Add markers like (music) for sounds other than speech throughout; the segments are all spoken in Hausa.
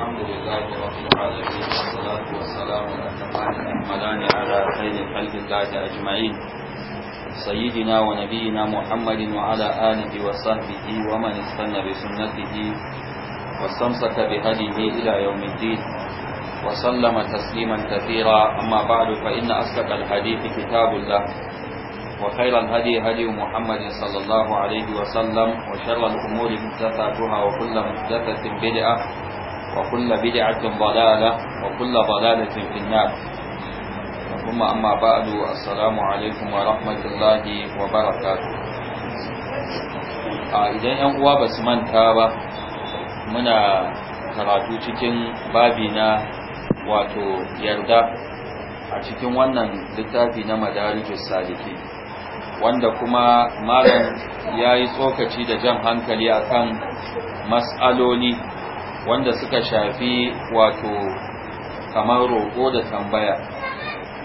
الحمد لله رب العالمين والصلاة والسلام والأتمان الأكملان على خير خلق الله أجمعين سيدنا ونبينا محمد وعلى آله وصحبه ومن استنى بسنته واستمسك بهديه إلى يوم الدين وسلم تسليما كثيرا أما بعد فإن أصدق الحديث كتاب الله وخير الهدي هدي محمد صلى الله عليه وسلم وشر الأمور محدثاتها وكل محدثة بدعة وكل بدعة ضلالة وكل ضلالة في النار ثم أما بعد السلام عليكم ورحمة الله وبركاته idan yan uwa ba su manta ba muna karatu cikin babi na wato yarda a cikin wannan littafi na madarijus saliki wanda kuma malam ya yi tsokaci da jan hankali akan mas'aloni. wanda suka shafi wato kamar roƙo da tambaya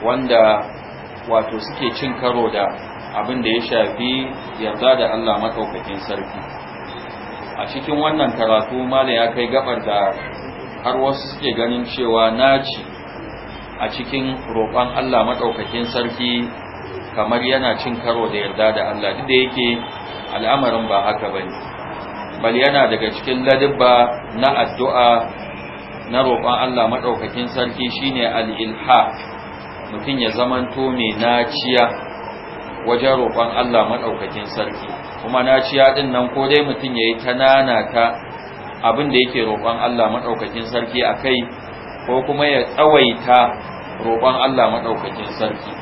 wanda wato suke cin karo da abin da ya shafi yarda da Allah maɗaukakin sarki a cikin wannan karatu mala ya kai gabar da har wasu suke ganin cewa naci a cikin roƙon Allah maɗaukakin sarki kamar yana cin karo da yarda da Allah duk da yake al'amarin ba haka bane bal yana daga cikin ladibba na addu'a na roƙon Allah maɗaukakin sarki shine al-ilha mutum ya zamanto mai naciya wajen roƙon Allah maɗaukakin sarki kuma naciya ɗin nan ko dai mutum ya yi ta nanata abin da yake roƙon Allah maɗaukakin sarki a kai ko kuma ya tsawaita roƙon Allah maɗaukakin sarki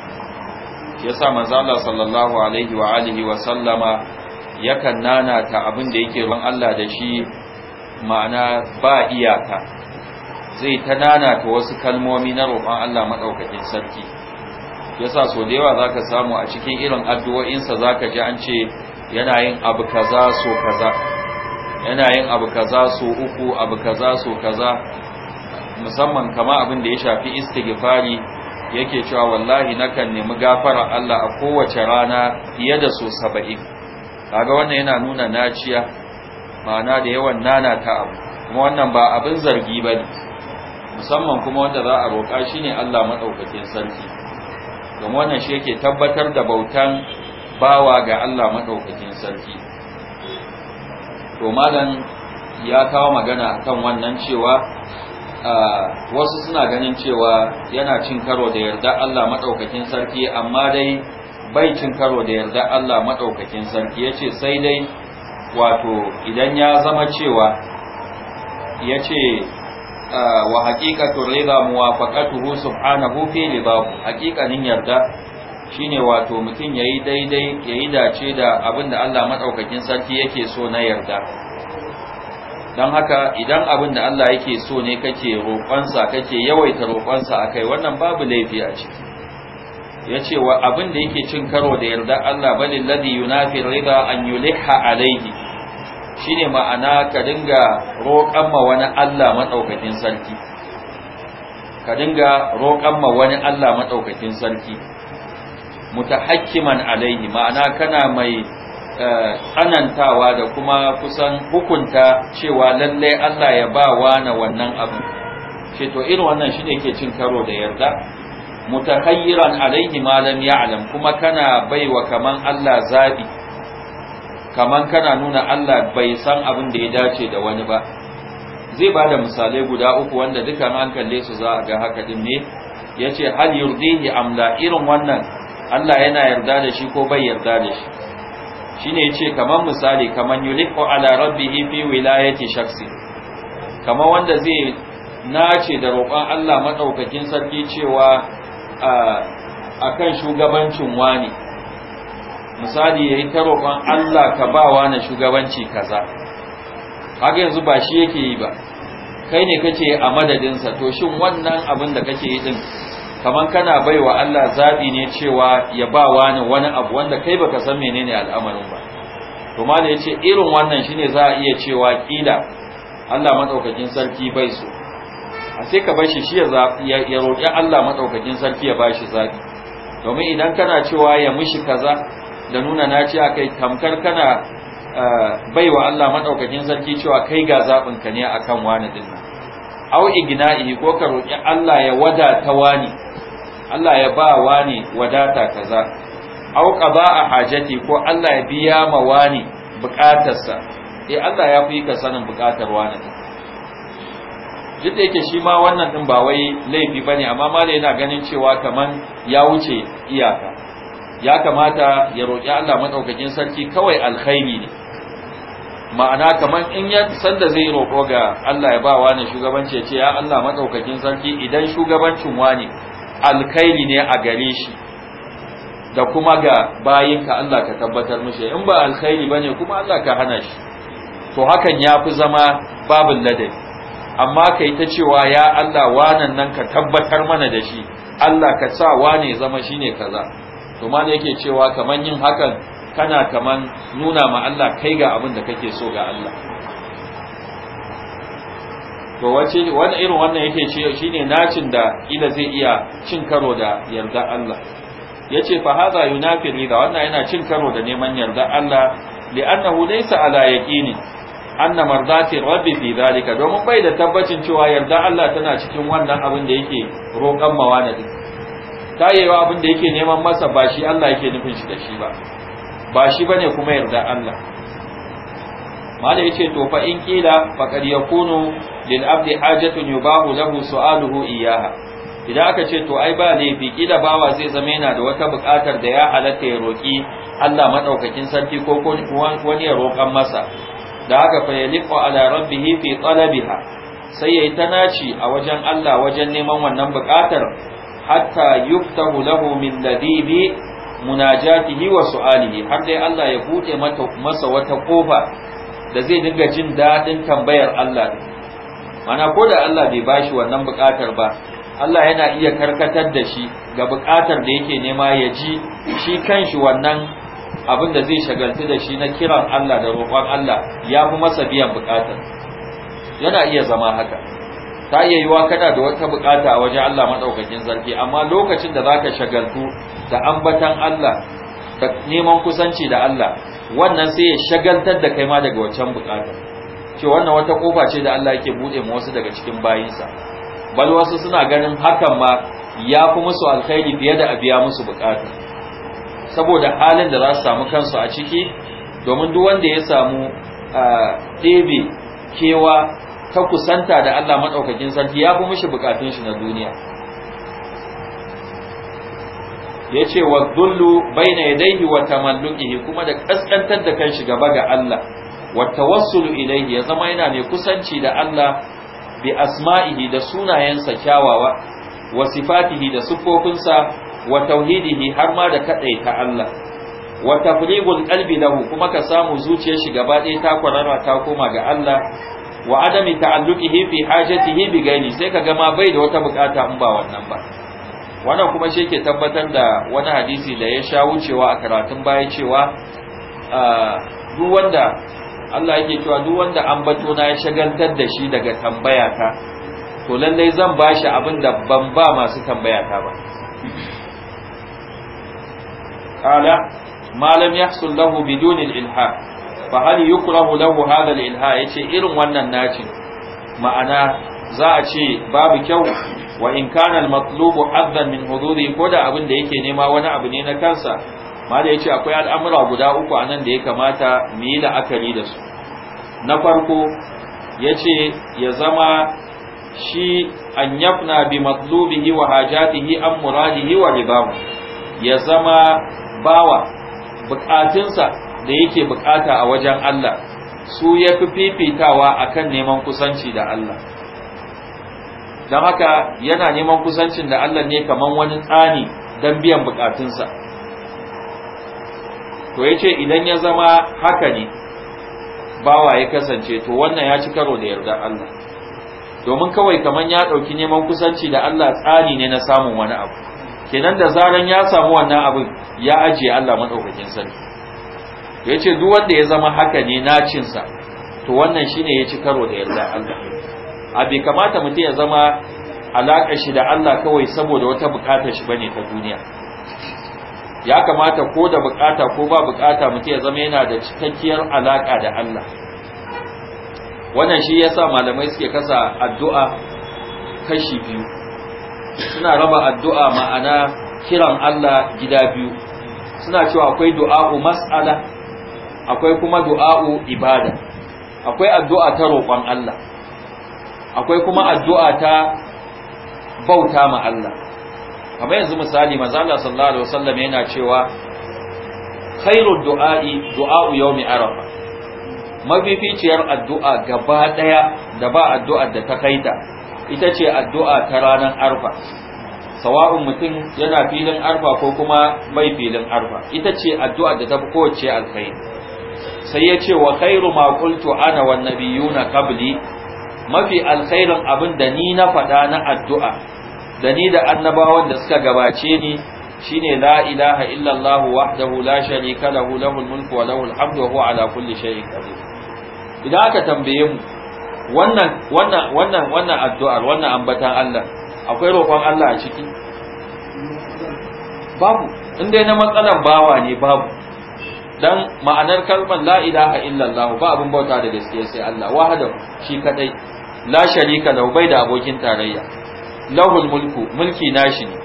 yasa manzo Allah sallallahu alaihi wa alihi wa sallama yakan nanata abin da yake ban Allah da shi ma'ana ba iyaka zai ta nanata wasu kalmomi na roƙon Allah maɗaukakin sarki yasa so da yawa za ka samu a cikin irin addu'o'insa za ka ji an ce yana yin abu kaza so kaza yana yin abu kaza so uku abu kaza so kaza musamman kama abin da ya shafi istighfari yake cewa wallahi nakan nemi gafara Allah a kowace rana fiye da so saba'in kaga wannan yana nuna naciya ma'ana da yawan nana ta abu kuma wannan ba abin zargi ba ne musamman kuma wanda za a roƙa shi ne Allah maɗaukakin sarki don wannan shi yake tabbatar da bautan bawa ga Allah maɗaukakin sarki to malam ya kawo magana kan wannan cewa wasu suna ganin cewa yana cin karo da yarda Allah maɗaukakin sarki amma dai bai cin karo da yarda Allah madaukakin sarki yace sai dai wato idan ya zama cewa yace ah, wa haqiqatu ridha muwafaqatuhu subhanahu fi lidahu haqiqanin yarda shine wato mutum yayi daidai yayi dace da abin da Allah madaukakin sarki yake so na yarda don haka idan abin da Allah yake so ne kake roƙonsa kake yawaita roƙonsa a kai wannan babu laifi a ciki Ya wa abin da yake cin karo da yarda Allah bane ladi yunafi rida an yuliha alaihi shine ma'ana ka dinga roƙan ma wani Allah madaukakin sarki ka dinga roƙan ma wani Allah madaukakin sarki mutahakkiman alaihi ma'ana kana mai eh, tsanantawa da kuma kusan hukunta cewa lalle Allah ya ba wa na wannan abu ce to irin wannan shine yake cin karo da yarda mutahayyiran alaihi ma lam ya'lam kuma kana baiwa kaman Allah zabi kaman kana nuna Allah bai san abin da ya dace da wani ba zai bada misalai guda uku wanda duka an kalle su za a ga haka din ne yace hal yurdihi amla irin wannan Allah yana yarda da shi ko bai yarda da shi shine yace kaman misali kaman yuliqu ala rabbih fi wilayati shakhsi kaman wanda zai nace da roƙon Allah madaukakin sarki cewa a kan shugabancin wani misali ya yi ta Allah ka ba wani shugabanci kaza haka yanzu ba shi yake yi ba kai ne kace a madadinsa to shin wannan abin da kake yi din kaman kana baiwa Allah zabi ne cewa ya ba wani wani abu wanda kai baka san menene al'amarin ba to ya yace irin wannan shine za a iya cewa kila Allah maɗaukakin sarki bai so a sai ka bar shi shi ya roƙi Allah maɗaukakin sarki ya bashi zaɓi domin idan kana cewa ya mishi kaza da nuna na ce kai tamkar kana baiwa Allah maɗaukakin sarki cewa kai ga zaɓin ka ne akan wani din nan au igna'i ko ka roƙi Allah ya wadata wani Allah ya ba wani wadata kaza au a hajati ko Allah ya biya ma wani bukatarsa eh Allah ya fi ka sanin bukatar wani din duk da yake shi ma wannan din ba wai laifi bane amma malai yana ganin cewa kaman ya wuce iyaka ya kamata ya roƙi Allah madaukakin sarki kawai alkhairi ne ma'ana kaman in ya sanda zai roƙo ga Allah ya ba wa ne shugabanci ya ce ya Allah madaukakin sarki idan shugabancin wani alkhairi ne a gare shi da kuma ga bayinka Allah ka tabbatar mishi in ba alkhairi ne kuma Allah ka hana shi to hakan ya fi zama babin ladabi amma kai ta cewa ya Allah wanan nan ka tabbatar mana da shi Allah ka sa wane zama shine kaza to ma yake cewa kaman yin hakan kana kaman nuna ma Allah kai ga abin da kake so ga Allah to wace wani irin wannan yake ce shine nacin da ila zai iya cin karo da yarda Allah yace fa haza yunafi da wannan yana cin karo da neman yarda Allah li'annahu laysa ala yaqini anna mardati rabbi fi zalika domin bai da tabbacin cewa yarda Allah tana cikin wannan abin da yake roƙan mawana din ta abin da yake neman masa ba shi Allah yake nufin shi da shi ba ba shi bane kuma yarda Allah malai yace to fa in kila qad yakunu lil abdi hajatun yubahu lahu su'aluhu iyyaha idan aka ce to ai ba laifi kila bawa zai zama yana da wata buƙatar da ya halatta ya roƙi Allah madaukakin sarki ko wani ya roƙan masa da haka fa yaliqu ala rabbihi fi talabiha sai yayi tanaci a wajen Allah wajen neman wannan bukatar hatta yuftahu lahu min ladibi munajatihi wa su'alihi har dai Allah ya bude mata masa wata kofa da zai dinga jin dadin tambayar Allah mana ko da Allah bai bashi wannan bukatar ba Allah yana iya karkatar da shi ga bukatar da yake nema ya ji shi kanshi wannan abin da zai shagaltu da shi na kiran Allah da roƙon Allah ya fi masa biyan bukatar yana iya zama haka ta iya yiwa kana da wata bukata a wajen Allah maɗaukakin zarfi amma lokacin da za ka shagaltu da ambatan Allah da neman kusanci da Allah wannan sai ya shagaltar da kai ma daga wancan bukata ce wannan wata kofa ce da Allah yake buɗe ma wasu daga cikin bayinsa bal wasu suna ganin hakan ma ya fi musu alkhairi fiye da a biya musu bukata saboda halin da za su samu kansu a ciki domin duk wanda ya samu ɗebe kewa ta kusanta da Allah maɗaukakin sarki ya fi mishi bukatun shi na duniya ya ce wa dullu bai na yadaihi wa tamallukihi kuma da ƙasƙantar da kan shi gaba ga Allah wa tawassulu ilaihi ya zama yana mai kusanci da Allah bi asma'ihi da sunayensa kyawawa wa sifatihi da siffofinsa wa ne har ma da kadaita Allah wa tafrighul qalbi lahu kuma ka samu zuciyar shi gaba ɗaya ta kwarara ta koma ga Allah wa adami ta'alluqihi fi hajatihi bi gairi sai ka ga ma bai da wata bukata in ba wannan ba wannan kuma shi yake tabbatar da wani hadisi da ya sha wucewa a karatun baya cewa ah, duk wanda Allah yake cewa duk wanda bato na ya shagantar da shi daga tambayata, to lallai zan ba abin da ban ba masu tambayata ba qala ma lam yahsul lahu bidun ilha fa hal yukrahu lahu hadha al-ilha yace irin wannan naci ma'ana za a ce babu kyau wa in kana al-matlubu haddan min hududi ko da abin da yake nema wani abu ne na kansa ma da yace akwai al'amura guda uku anan da ya kamata mu la'akari da su na farko yace ya zama shi an yafna bi matlubi wa hajatihi an muradihi wa ya zama bawa bukatunsa da yake bukata a wajen Allah su ya fi fifitawa akan neman kusanci da Allah don haka yana neman kusancin da Allah ne kamar wani tsani don biyan bukatunsa to ya ce idan ya zama haka ne bawa ya kasance to wannan ya ci karo da yardar Allah domin kawai kamar ya ɗauki neman kusanci da Allah tsani ne na samun wani abu kenan da zaran ya samu wannan abin ya ajiye Allah madaukakin sarki ya ce duk wanda ya zama haka ne na cinsa, to wannan shine ya ci karo da yarda Allah a bai kamata mutum ya zama alaƙa shi da Allah kawai saboda wata buƙatar shi bane ta duniya ya kamata ko da buƙata ko ba buƙata mutum ya zama yana da cikakkiyar alaƙa da Allah wannan shi yasa malamai suke kasa addu'a kashi biyu suna raba addu'a ma'ana kiran Allah gida biyu suna cewa akwai du'a'u mas'ala akwai kuma du'a'u ibada akwai addu'a ta roƙon Allah akwai kuma addu'a ta bauta ma Allah kamar yanzu misali manzo Allah sallallahu alaihi wasallam yana cewa khairu du'a'i du'a'u yawmi arafa mafificiyar addu'a gaba daya da ba addu'a da ta kaita ita ce addu'a ta ranar arfa sawa'un mutum yana filin arfa ko kuma mai filin arfa ita ce addu'a da ta fi kowace alkhairi sai ya ce wa khairu ma qultu ana wan nabiyuna qabli mafi alkhairin abin da ni na faɗa na addu'a da ni da annabawan da suka gabace ni shine la ilaha illallah wahdahu la sharika lahu lahul mulku wa lahul hamdu wa huwa ala kulli shay'in qadir idan aka tambaye mu wannan wannan wannan wannan addu'ar wannan ambatan Allah akwai roƙon Allah a ciki babu inda na matsalan bawa ne babu dan ma'anar kalmar la ilaha illallah ba abin bauta da gaskiya sai Allah wahada shi kadai la sharika lahu bai da abokin tarayya lahul mulku mulki nashi ne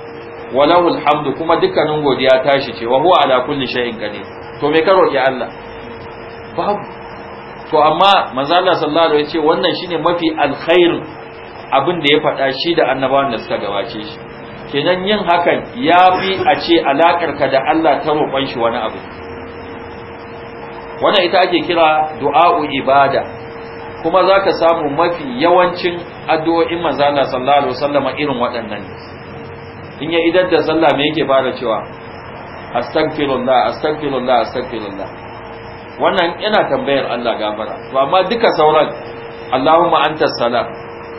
wa lahul hamdu kuma dukkanin godiya tashi ce wa huwa ala kulli shay'in qadir to me ka roki Allah babu to amma manzo Allah sallallahu alaihi ce wannan shine mafi alkhair abin da ya faɗa shi da annabawan da suka gabace shi kenan yin hakan ya a ce alakar ka da Allah ta roƙon shi wani abu wannan ita ake kira du'a'u ibada kuma zaka samu mafi yawancin addu'o'in manzo Allah sallallahu alaihi wasallam irin waɗannan in ya idar da sallah me yake fara cewa astaghfirullah astaghfirullah astaghfirullah wannan yana tambayar Allah gafara to amma duka sauran Allahumma anta salam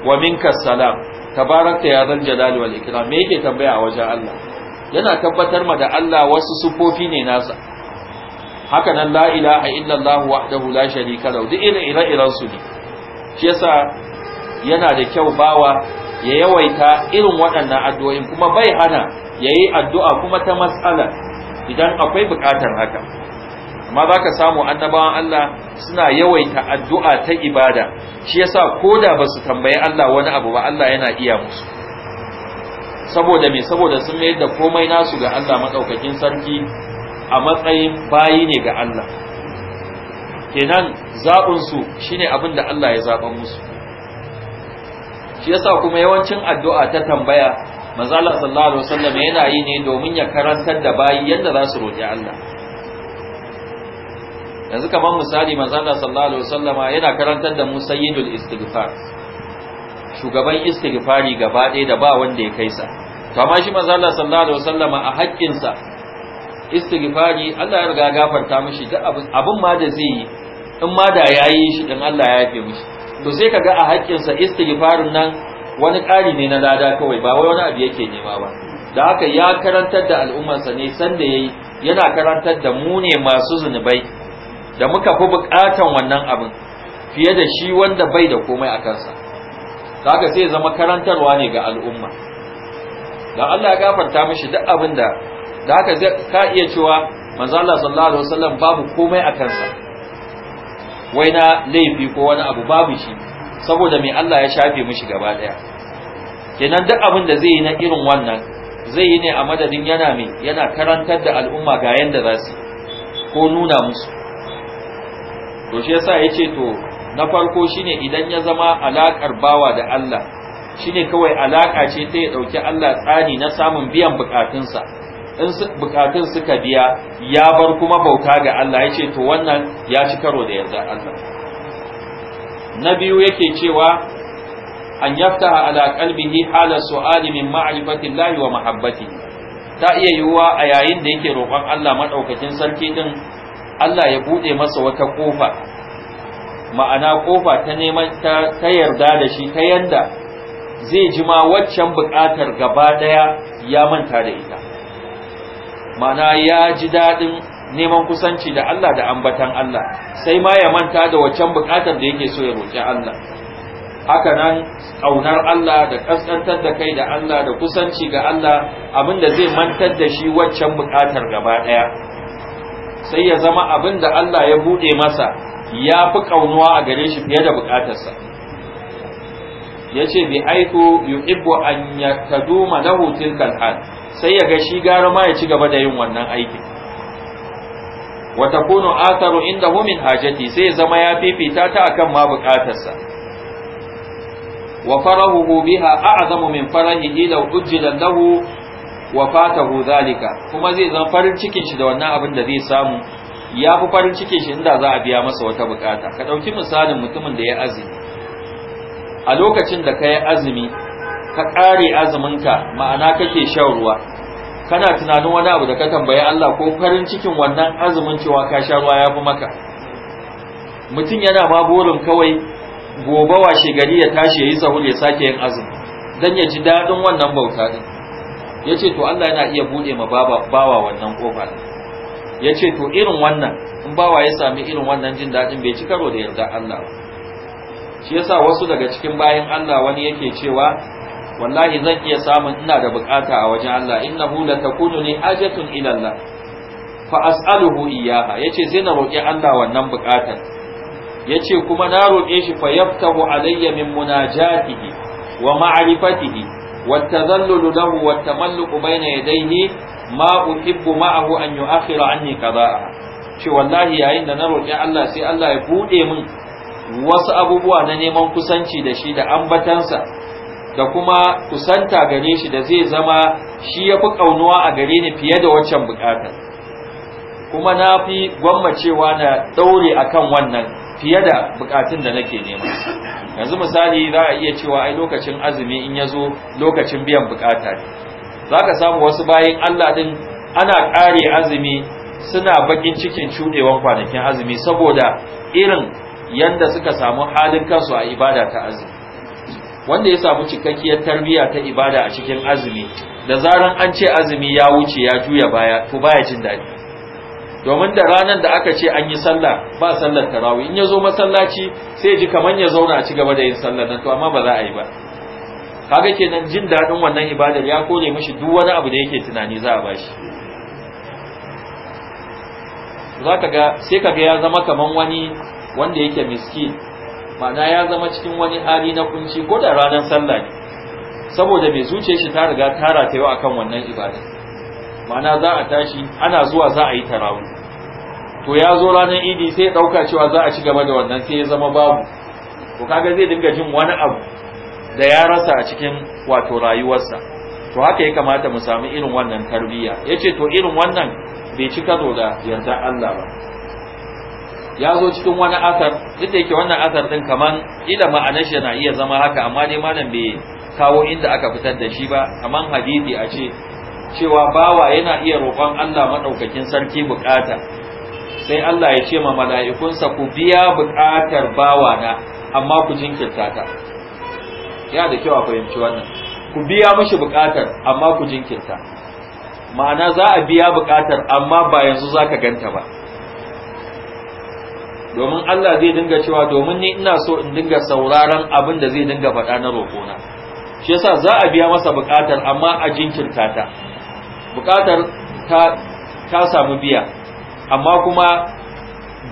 wa minka salam tabaraka ya zal jalali wal ikram me yake tambaya a wajen Allah yana tabbatar ma da Allah wasu sufofi ne nasa haka nan la ilaha illallah wahdahu la sharika lahu duk ire iren su ne shi yasa yana da kyau bawa ya yawaita irin waɗannan addu'o'in kuma bai hana yayi addu'a kuma ta matsala idan akwai buƙatar haka amma za ka samu annabawan Allah suna yawaita addu'a ta ibada shi yasa ko da ba su tambayi Allah wani abu ba Allah yana iya musu saboda me saboda sun mayar da komai nasu ga Allah maɗaukakin sarki a matsayin bayi ne ga Allah kenan zaɓinsu shi ne abin da Allah ya zaɓan musu shi yasa kuma yawancin addu'a ta tambaya manzala sallallahu alaihi wasallam yana yi ne domin ya karantar da bayi yadda za su roƙi Allah yanzu kamar misali manzala sallallahu alaihi wasallama yana karantar da mu sayyidul istighfar shugaban istighfari gaba ɗaya da ba wanda ya kaisa to amma shi manzala sallallahu alaihi wasallama a haƙƙin sa istighfari Allah ya riga gafarta mishi duk abin ma da zai yi in ma da yayi shi din Allah ya yafe mishi to sai kaga a haƙƙin sa istighfarin nan wani ƙari ne na lada kawai ba wai wani abu yake nema ba da haka ya karantar da al'ummarsa ne sanda yayi yana karantar da mu ne masu zunubai da muka fi bukatan wannan abin fiye da shi wanda bai da komai a kansa haka sai zama karantarwa ne ga al'umma dan Allah ya gafarta mishi duk abin da da haka ka iya cewa manzo Allah sallallahu alaihi wasallam babu komai a kansa wai na laifi ko wani abu babu shi saboda me Allah ya shafe mishi gaba daya kenan duk abin da zai yi na irin wannan zai yi ne a madadin yana me yana karantar da al'umma ga yanda za su ko nuna musu to shi yasa yace to na farko shine idan ya zama alakar bawa da Allah shine kawai alaka ce ta ya dauki Allah tsani na samun biyan bukatunsa in bukatun suka biya ya bar kuma bauta ga Allah yace to wannan ya ci karo da yanzu Allah na biyu yake cewa an yaftaha ala qalbihi hala su'ali min ma'rifati Allah wa mahabbati ta iya yiwuwa a yayin da yake roƙon Allah madaukakin sarki din Allah ya buɗe masa wata ƙofa ma'ana ƙofa ta neman ta yarda da shi ta yanda zai ji ma waccan buƙatar gaba ɗaya ya manta da ita ma'ana ya ji daɗin neman kusanci da Allah da ambatan Allah sai ma ya manta da waccan buƙatar da yake so ya roƙi Allah haka nan ƙaunar Allah da ƙasƙantar da kai da Allah da kusanci ga Allah abinda zai mantar da shi waccan buƙatar gaba ɗaya sai ya zama abin da Allah ya buɗe masa ya fi ƙaunuwa a gare shi fiye da buƙatarsa ya ce bi aiku ibu an ya kaduma lahu tilkal hal sai ya ga shi gara ma ya ci gaba da yin wannan aikin wa takunu atharu inda humin hajati sai ya zama ya fifita ta akan ma buƙatarsa wa farahuhu biha a'zamu min farahi ila ujjila lahu wa fatahu zalika kuma zai zan farin cikin shi da wannan abin da zai samu ya fi farin cikin shi inda za a biya masa wata bukata ka ɗauki misalin mutumin da ya azumi a lokacin da ka yi azumi ka ƙare azuminka ma'ana kake shan ruwa kana tunanin wani abu da ka tambayi Allah ko farin cikin wannan azumin cewa ka sha ruwa ya fi maka mutum yana ma burin kawai gobe washe gari ya tashi ya yi sahur ya sake yin azumi don ya ji daɗin wannan bauta ya ce to Allah yana iya buɗe ma bawa wannan ƙofa ya ce to irin wannan in bawa ya sami irin wannan jin daɗin bai cika karo da yarda Allah shi yasa wasu daga cikin bayan Allah wani yake cewa wallahi zan iya samun ina da bukata a wajen Allah innahu la takunu li hajatun ila Allah fa as'aluhu iyyaha yace sai na roƙi Allah wannan bukatar yace kuma na roƙe shi fa yaftahu alayya min munajatihi wa ma'rifatihi والتذلل له والتملق بين يديه ما أحب معه أن يؤخر عني قضاء شو والله يا إن نرو يا الله سي الله buɗe min wasu abubuwa na neman kusanci da shi da ambatansa da kuma kusanta gare shi da zai zama shi ya fi ƙaunuwa a gare ni fiye da waccan buƙatar kuma na fi gwammacewa na ɗaure kan wannan fiye da bukatun da nake nema yanzu misali za a iya cewa ai lokacin azumi in ya zo lokacin biyan bukata ne za ka samu wasu bayan Allah din ana ƙare azumi suna bakin cikin cuɗewan kwanakin azumi saboda irin yanda suka samu halin kansu a ibada ta azumi wanda ya samu cikakkiyar tarbiyya ta ibada a cikin azumi da zaran an ce azumi ya wuce ya juya baya ko baya jin daɗi domin da ranar da aka ce an yi sallah ba sallar tarawih in ya zo masallaci sai ji kamar ya zauna a ci gaba da yin sallar nan to amma ba za a yi ba kaga kenan jin daɗin wannan ibadar ya kore mishi duk wani abu da yake tunani za a bashi za ga sai ka ga ya zama kaman wani wanda yake miski ma'ana ya zama cikin wani hali na kunci ko da ranar sallah ne saboda mai zuciyar shi ta riga tara ta yau akan wannan ibadar ma'ana za a tashi ana zuwa za a yi tarawih to ya zo ranar idi sai ya dauka cewa za a ci gaba da wannan sai ya zama babu to kaga zai dinga jin wani abu da ya rasa a cikin wato rayuwarsa to haka ya kamata mu samu irin wannan tarbiyya yace to irin wannan bai ci karo da yarda Allah ba ya zo cikin wani asar duk da yake wannan asar din kaman ila ma'anar shi na iya zama haka amma dai malam bai kawo inda aka fitar da shi ba kaman hadisi a ce cewa bawa yana iya roƙon Allah madaukakin sarki bukata sai Allah ya ce ma mala'ikunsa ku biya bukatar bawa na amma ku jinkirta ta ya da kyau a fahimci wannan ku biya mishi bukatar amma ku jinkirta ma'ana za a biya bukatar amma ba yanzu za ka ganta ba domin Allah zai dinga cewa domin ni ina so in dinga sauraron abin da zai dinga faɗa na roƙona shi yasa za a biya masa bukatar amma a jinkirta ta bukatar ta samu biya amma kuma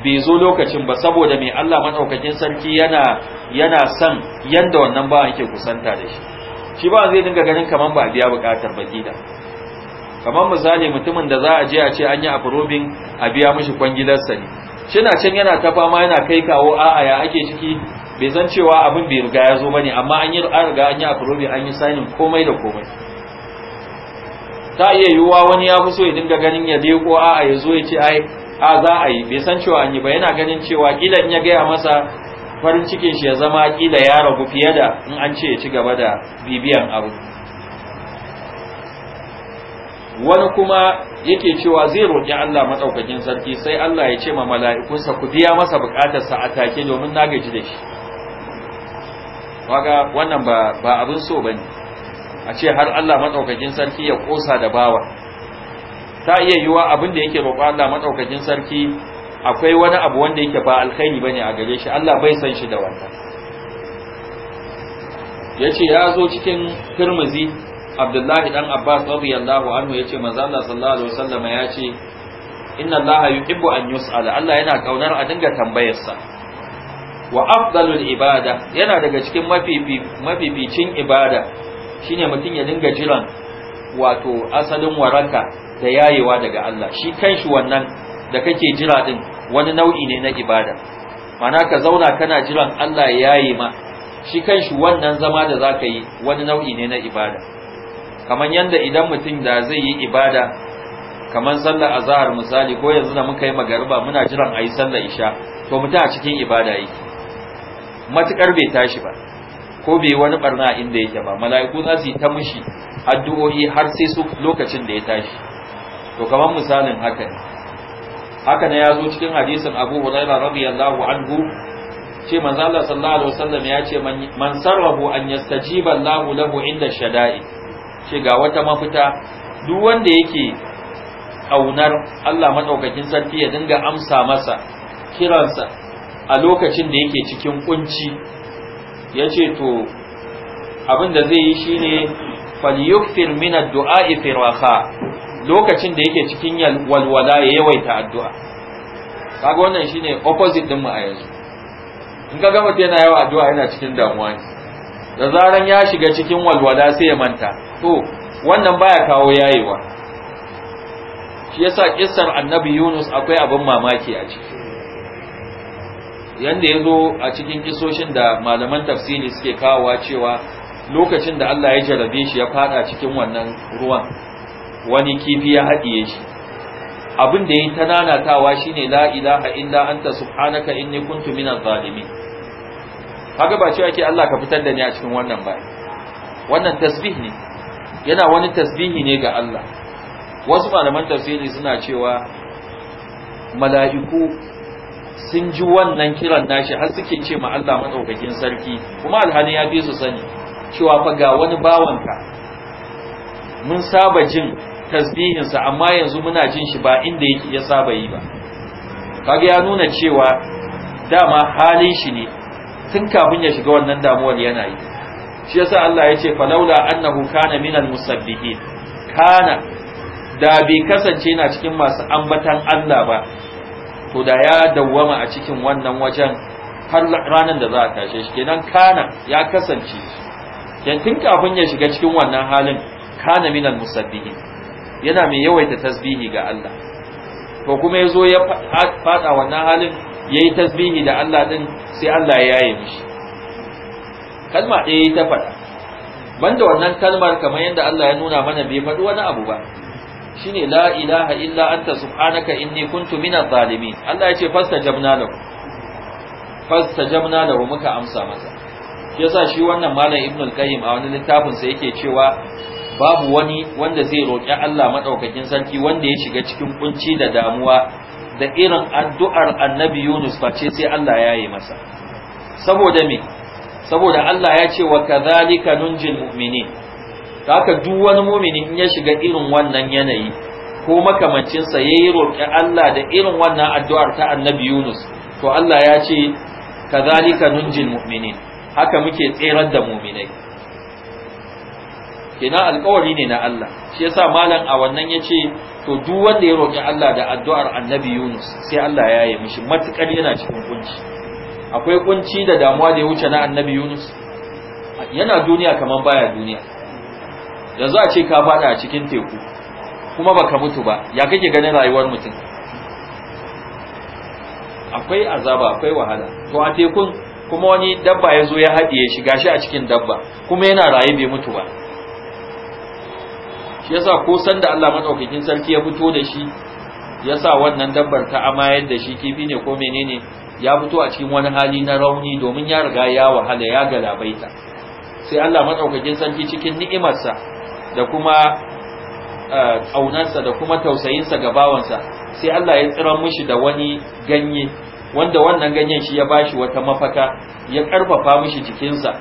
bai zo lokacin ba saboda mai Allah maɗaukakin sarki yana yana son yadda wannan ba yake kusanta da shi shi ba zai dinga ganin kamar ba biya bukatar ba gida kamar misali mutumin da za a je a ce an yi afrobin a biya mishi kwangilarsa ne shina can yana ta fama yana kai kawo a'a ya ake ciki bai san cewa abin bai riga ya zo ba ne, amma an yi riga an yi afrobin an yi sanin komai da komai ta iya yiwuwa wani ya fi so ya dinga ganin ya je ko a'a ya zo ya ce ai a za a yi bai san cewa an yi ba yana ganin cewa kila in ya gaya masa farin cikin shi ya zama kila ya ragu fiye da in an ce ya ci gaba da bibiyan abu wani kuma yake cewa zai roƙi Allah maɗaukakin sarki sai Allah ya ce ma mala'ikunsa ku biya masa bukatar sa a take domin na gaji da shi. Waga wannan ba abin so bane a ce har Allah madaukakin sarki ya kosa da bawa ta iya yiwa abin da yake roƙo Allah madaukakin sarki akwai wani abu wanda yake ba alkhairi bane a gare shi Allah bai san shi da wannan yace ya zo cikin Tirmidhi Abdullahi dan Abbas radiyallahu anhu yace manzo Allah sallallahu alaihi wasallam yace inna Allah yuhibbu an yus'ala Allah yana kaunar a dinga tambayarsa wa afdalul ibada yana daga cikin mafificin ibada shine mutum ya dinga jiran wato asalin waraka da yayewa daga Allah shi kanshi wannan da kake jira din wani nau'i ne na ibada mana ka zauna kana jiran Allah ya yaye ma shi kanshi wannan zama da zaka yi wani nau'i ne na ibada kamar yanda idan mutum da zai yi ibada kamar sallar azhar misali ko yanzu da muka yi magariba muna jiran ayi sallar isha to mutum a cikin ibada yake matukar bai tashi ba ko bai wani barna inda yake ba mala'iku za su yi ta mishi addu'o'i har sai su lokacin da ya tashi to kamar misalin haka ne haka ne ya cikin hadisin Abu Hurairah radiyallahu anhu ce manzo Allah sallallahu alaihi wasallam ya ce man sarrahu an yastajiba Allahu lahu inda shada'i ce ga wata mafita duk wanda yake aunar Allah madaukakin sarki ya dinga amsa masa kiransa a lokacin da yake cikin kunci ya ce to abin da zai yi shi shine falyukfir min addu'a firwaha lokacin da yake cikin walwala ya yawaita addu'a kaga wannan shine opposite din mu a yanzu in ka gama yana yawa addu'a yana cikin damuwa da zaran ya shiga cikin walwala sai ya manta to wannan baya kawo yayewa shi yasa kissar annabi Yunus akwai abin mamaki a ciki yanda ya zo a cikin kisoshin da malaman tafsiri suke kawowa cewa lokacin da Allah ya jarabe shi ya fada cikin wannan ruwan wani kifi ya haɗiye shi abin da ya yi ta nanatawa shi ne la ilaha an ta subhanaka inni kuntu mina zalimi haka ba cewa ke Allah ka fitar da ni a cikin wannan bai wannan tasbih ne yana wani tasbihi ne ga Allah wasu malaman tafsiri suna cewa mala'iku sun ji wannan kiran nashi har suke ce ma Allah madaukakin sarki kuma Alhanu ya fi su sani cewa fa ga wani bawanka mun saba jin tasbihinsa amma yanzu muna jin shi ba inda yake ya saba yi ba kaga ya nuna cewa dama halin shi ne tun kafin ya shiga wannan damuwar yana yi shi yasa Allah ya ce falaula annahu kana minal musabbihin kana da bai kasance yana cikin masu ambatan Allah ba to da ya dawwama a cikin wannan wajen har ranar da za a tashe shi kenan kana ya kasance yankin kafin ya shiga cikin wannan halin kana minal musabbihin yana mai yawaita tasbihi ga Allah to kuma yazo ya fada wannan halin yayi tasbihi da Allah din sai Allah ya yaye mishi kalma ɗaya ta faɗa banda wannan kalmar kamar yadda Allah ya nuna mana bai faɗi wani abu ba shine la ilaha illa anta subhanaka inni kuntu minadh zalimin Allah yace fastajabna lahu fastajabna lahu muka amsa masa shi yasa shi wannan malam ibn al-qayyim a wani littafin sa yake cewa babu wani wanda zai roki Allah madaukakin sarki wanda ya shiga cikin kunci da damuwa da irin addu'ar annabi Yunus face sai Allah ya yi masa saboda me saboda Allah ya ce wa kadhalika nunjil mu'minin haka duk wani mumini in ya shiga irin wannan yanayi ko makamancinsa ya yi roƙi Allah da irin wannan addu'ar ta annabi Yunus to Allah ya ce ka zalika nunjin mu'minin haka muke tserar da muminai kina alkawari ne na Allah shi yasa malam a wannan ya ce to duk wanda ya roƙi Allah da addu'ar annabi Yunus sai Allah ya yi mishi matuƙar yana cikin kunci akwai kunci da damuwa da ya wuce na annabi Yunus yana duniya kamar baya duniya yanzu a ce ka fada a cikin teku kuma baka mutu ba ya kake ganin rayuwar mutum akwai azaba akwai wahala to a tekun kuma wani dabba ya zo ya haɗiye shi gashi a cikin dabba kuma yana raye bai mutu ba shi yasa ko san da Allah madaukakin sarki ya fito da shi yasa wannan dabbar ta amayar da shi kifi ne ko menene ya fito a cikin wani hali na rauni domin ya riga ya wahala ya galabaita sai Allah madaukakin sarki cikin ni'imarsa da kuma eh, ƙaunarsa da kuma tausayinsa ga bawansa sai Allah ya tsiran mushi da wani ganye wanda wannan ganyen shi ya bashi wata mafaka ya ƙarfafa mishi jikinsa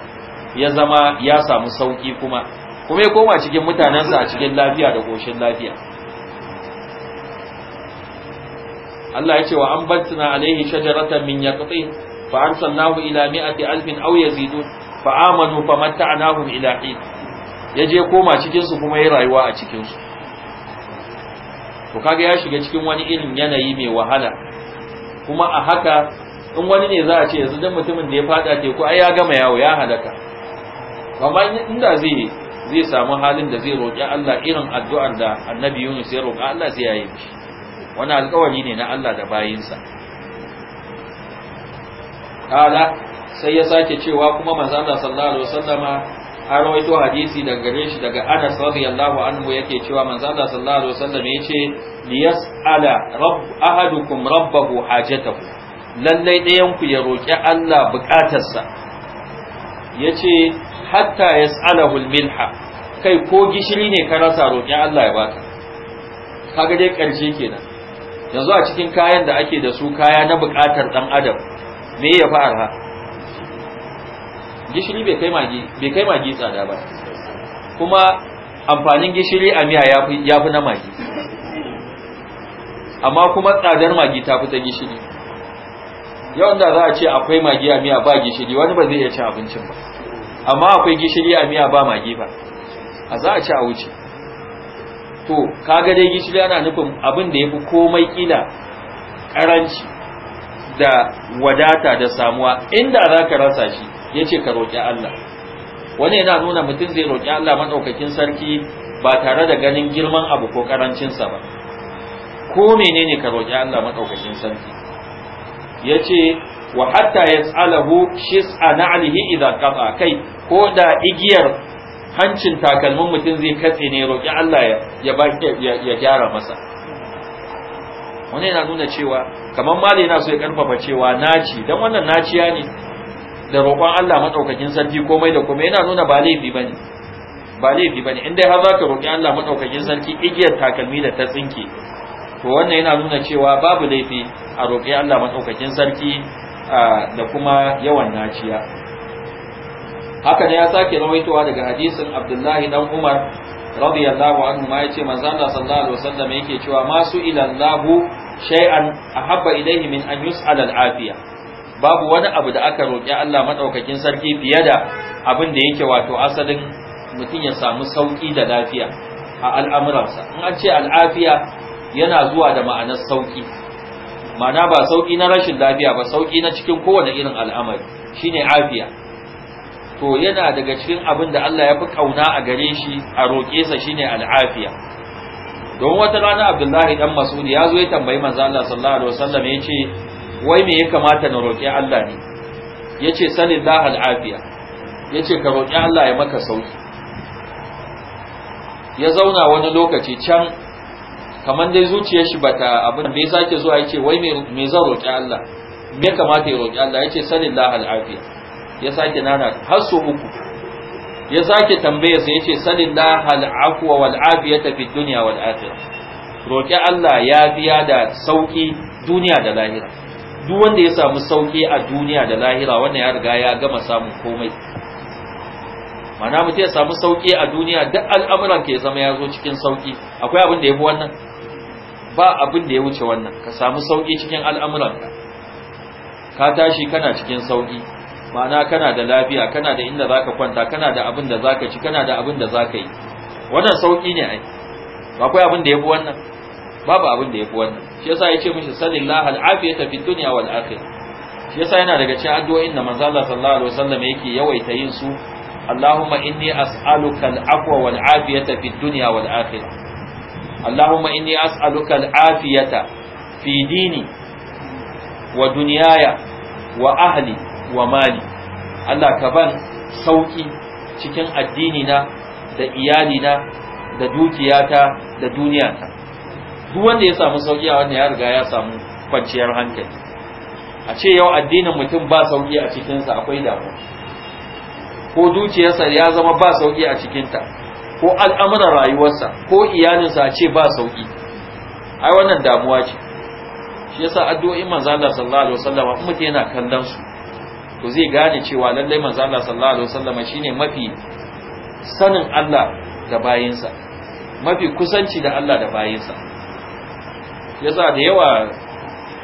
ya zama ya samu sauƙi kuma kuma ya koma cikin mutanensa a cikin lafiya da ƙoshin lafiya Allah ya ce wa an alaihi shajaratan min yaqti fa arsalnahu ila mi'ati alfin aw yazidun fa amanu famatta'nahum ila hin ya je koma cikinsu kuma ya rayuwa a cikinsu to kaga ya shiga cikin wani irin yanayi mai wahala kuma a haka in wani ne za a ce yanzu dan mutumin da ya fada teku ai ya gama yawo ya halaka amma inda zai zai samu halin da zai roƙi Allah irin addu'ar da Annabi Yunus ya roƙa Allah zai yi shi wani alƙawari ne na Allah da bayinsa kala sai ya sake cewa kuma manzo Allah sallallahu alaihi wasallama an rawaito hadisi daga gare shi daga Anas radiyallahu anhu yake cewa manzo Allah sallallahu alaihi wasallam yace liyas'ala rabb ahadukum rabbahu hajatahu lallai ɗayanku ku ya roki Allah bukatarsa yace hatta yas'alahu al-milha kai ko gishiri ne ka rasa roki Allah ya baka kaga dai karshe kenan yanzu a cikin kayan da ake da su kaya na bukatar dan adam me ya fi arha gishiri bai kai magi bai kai magi tsada ba kuma amfanin gishiri a miya yafi yafi na magi amma kuma tsadar magi ta fi ta gishiri yawan da za a ce akwai magi a miya ba gishiri wani ba zai iya ci abincin ba amma akwai gishiri a miya ba magi ba a za a ci a wuce to kaga dai gishiri ana nufin abin da ya fi komai kila karanci da wadata da samuwa inda za ka rasa shi Ya ce ka roƙi Allah wani yana nuna mutum zai roƙi Allah maɗaukakin sarki ba tare da ganin girman abu ko ƙarancinsa ba ko menene ka roƙi Allah maɗaukakin sarki Ya ce, wa hatta yas'alahu shis'a na'lihi idan qata kai ko da igiyar hancin takalmin mutum zai katse ne roƙi Allah ya gyara masa wani yana nuna cewa kamar mali yana so ya karfafa cewa naci dan wannan naciya ne da roƙon Allah madaukakin sarki komai da komai yana nuna ba laifi bane ba laifi bane in dai har ka roƙi Allah madaukakin sarki igiyar takalmi da ta tsinke to wannan yana nuna cewa babu laifi a roƙi Allah madaukakin sarki da kuma yawan naciya haka ne ya sake rawaitowa daga hadisin Abdullahi dan Umar radiyallahu anhu ma yace manzo Allah sallallahu alaihi wasallam yake cewa masu ilallahu shai'an, shay'an ahabba ilayhi min an yus'al al-afiya babu wani abu da aka roƙi Allah maɗaukakin sarki fiye da abin da yake wato asalin mutum ya samu sauki da lafiya a al'amuransa in an ce al'afiya yana zuwa da ma'anar sauki ma'ana ba sauki na rashin lafiya ba sauki na cikin kowane irin al'amari shine afiya to yana daga cikin abin da Allah ya fi ƙauna a gare shi a roƙe sa shine al'afiya don wata rana Abdullahi dan Masudi ya zo ya tambayi manzo Allah sallallahu alaihi wasallam ya ce wai me ya kamata na roƙi Allah ne yace sanin lahal afiya yace ka roƙi Allah ya maka sauki ya zauna wani lokaci can kamar dai zuciyar shi bata abin da ya sake zuwa yace wai me zan roƙi Allah me kamata ya roƙi Allah yace sanin lahal afiya ya sake nana har so uku ya sake tambaye ya yace sanin lahal afwa wal afiyata fid dunya wal akhirah roƙi Allah ya biya da sauki duniya da lahira duk wanda ya samu sauƙi a duniya da lahira wannan ya riga ya gama samun komai mana mutum ya samu sauƙi a duniya duk al'amuran ke zama ya zo cikin sauki akwai abin da ya fi wannan ba abin da ya wuce wannan ka samu sauƙi cikin al'amuran ka tashi kana cikin sauki mana kana da lafiya kana da inda zaka kwanta kana da abin da zaka ci kana da abin da zaka yi wannan sauki ne ai akwai abin da ya fi wannan babu abin da yafi wannan shi yasa yace mishi sallallahu alafiyata fid dunya wal akhirah shi yasa yana daga cikin addu'o'in da manzo Allah sallallahu alaihi wasallam yake yawaita yin su Allahumma inni as'aluka al-afwa wal afiyata fid dunya wal akhirah Allahumma inni as'aluka al-afiyata fi dini wa dunyaya wa ahli wa mali Allah ka ban sauki cikin addini na da iyalina da dukiyata da duniyata duk wanda ya samu sauki a wannan ya riga ya samu kwanciyar hankali a ce yau addinin mutum ba sauki a cikinsa akwai damu ko dukiyarsa ya zama ba sauki a cikinta ko al'amuran rayuwarsa ko iyalinsa a ce ba sauki ai wannan damuwa ce shi yasa addu'o'in manzo Allah sallallahu alaihi wasallam in mutum yana kallon su to zai gane cewa lallai manzo Allah sallallahu alaihi wasallam shine mafi sanin Allah da bayinsa mafi kusanci da Allah da bayinsa yasa da yawa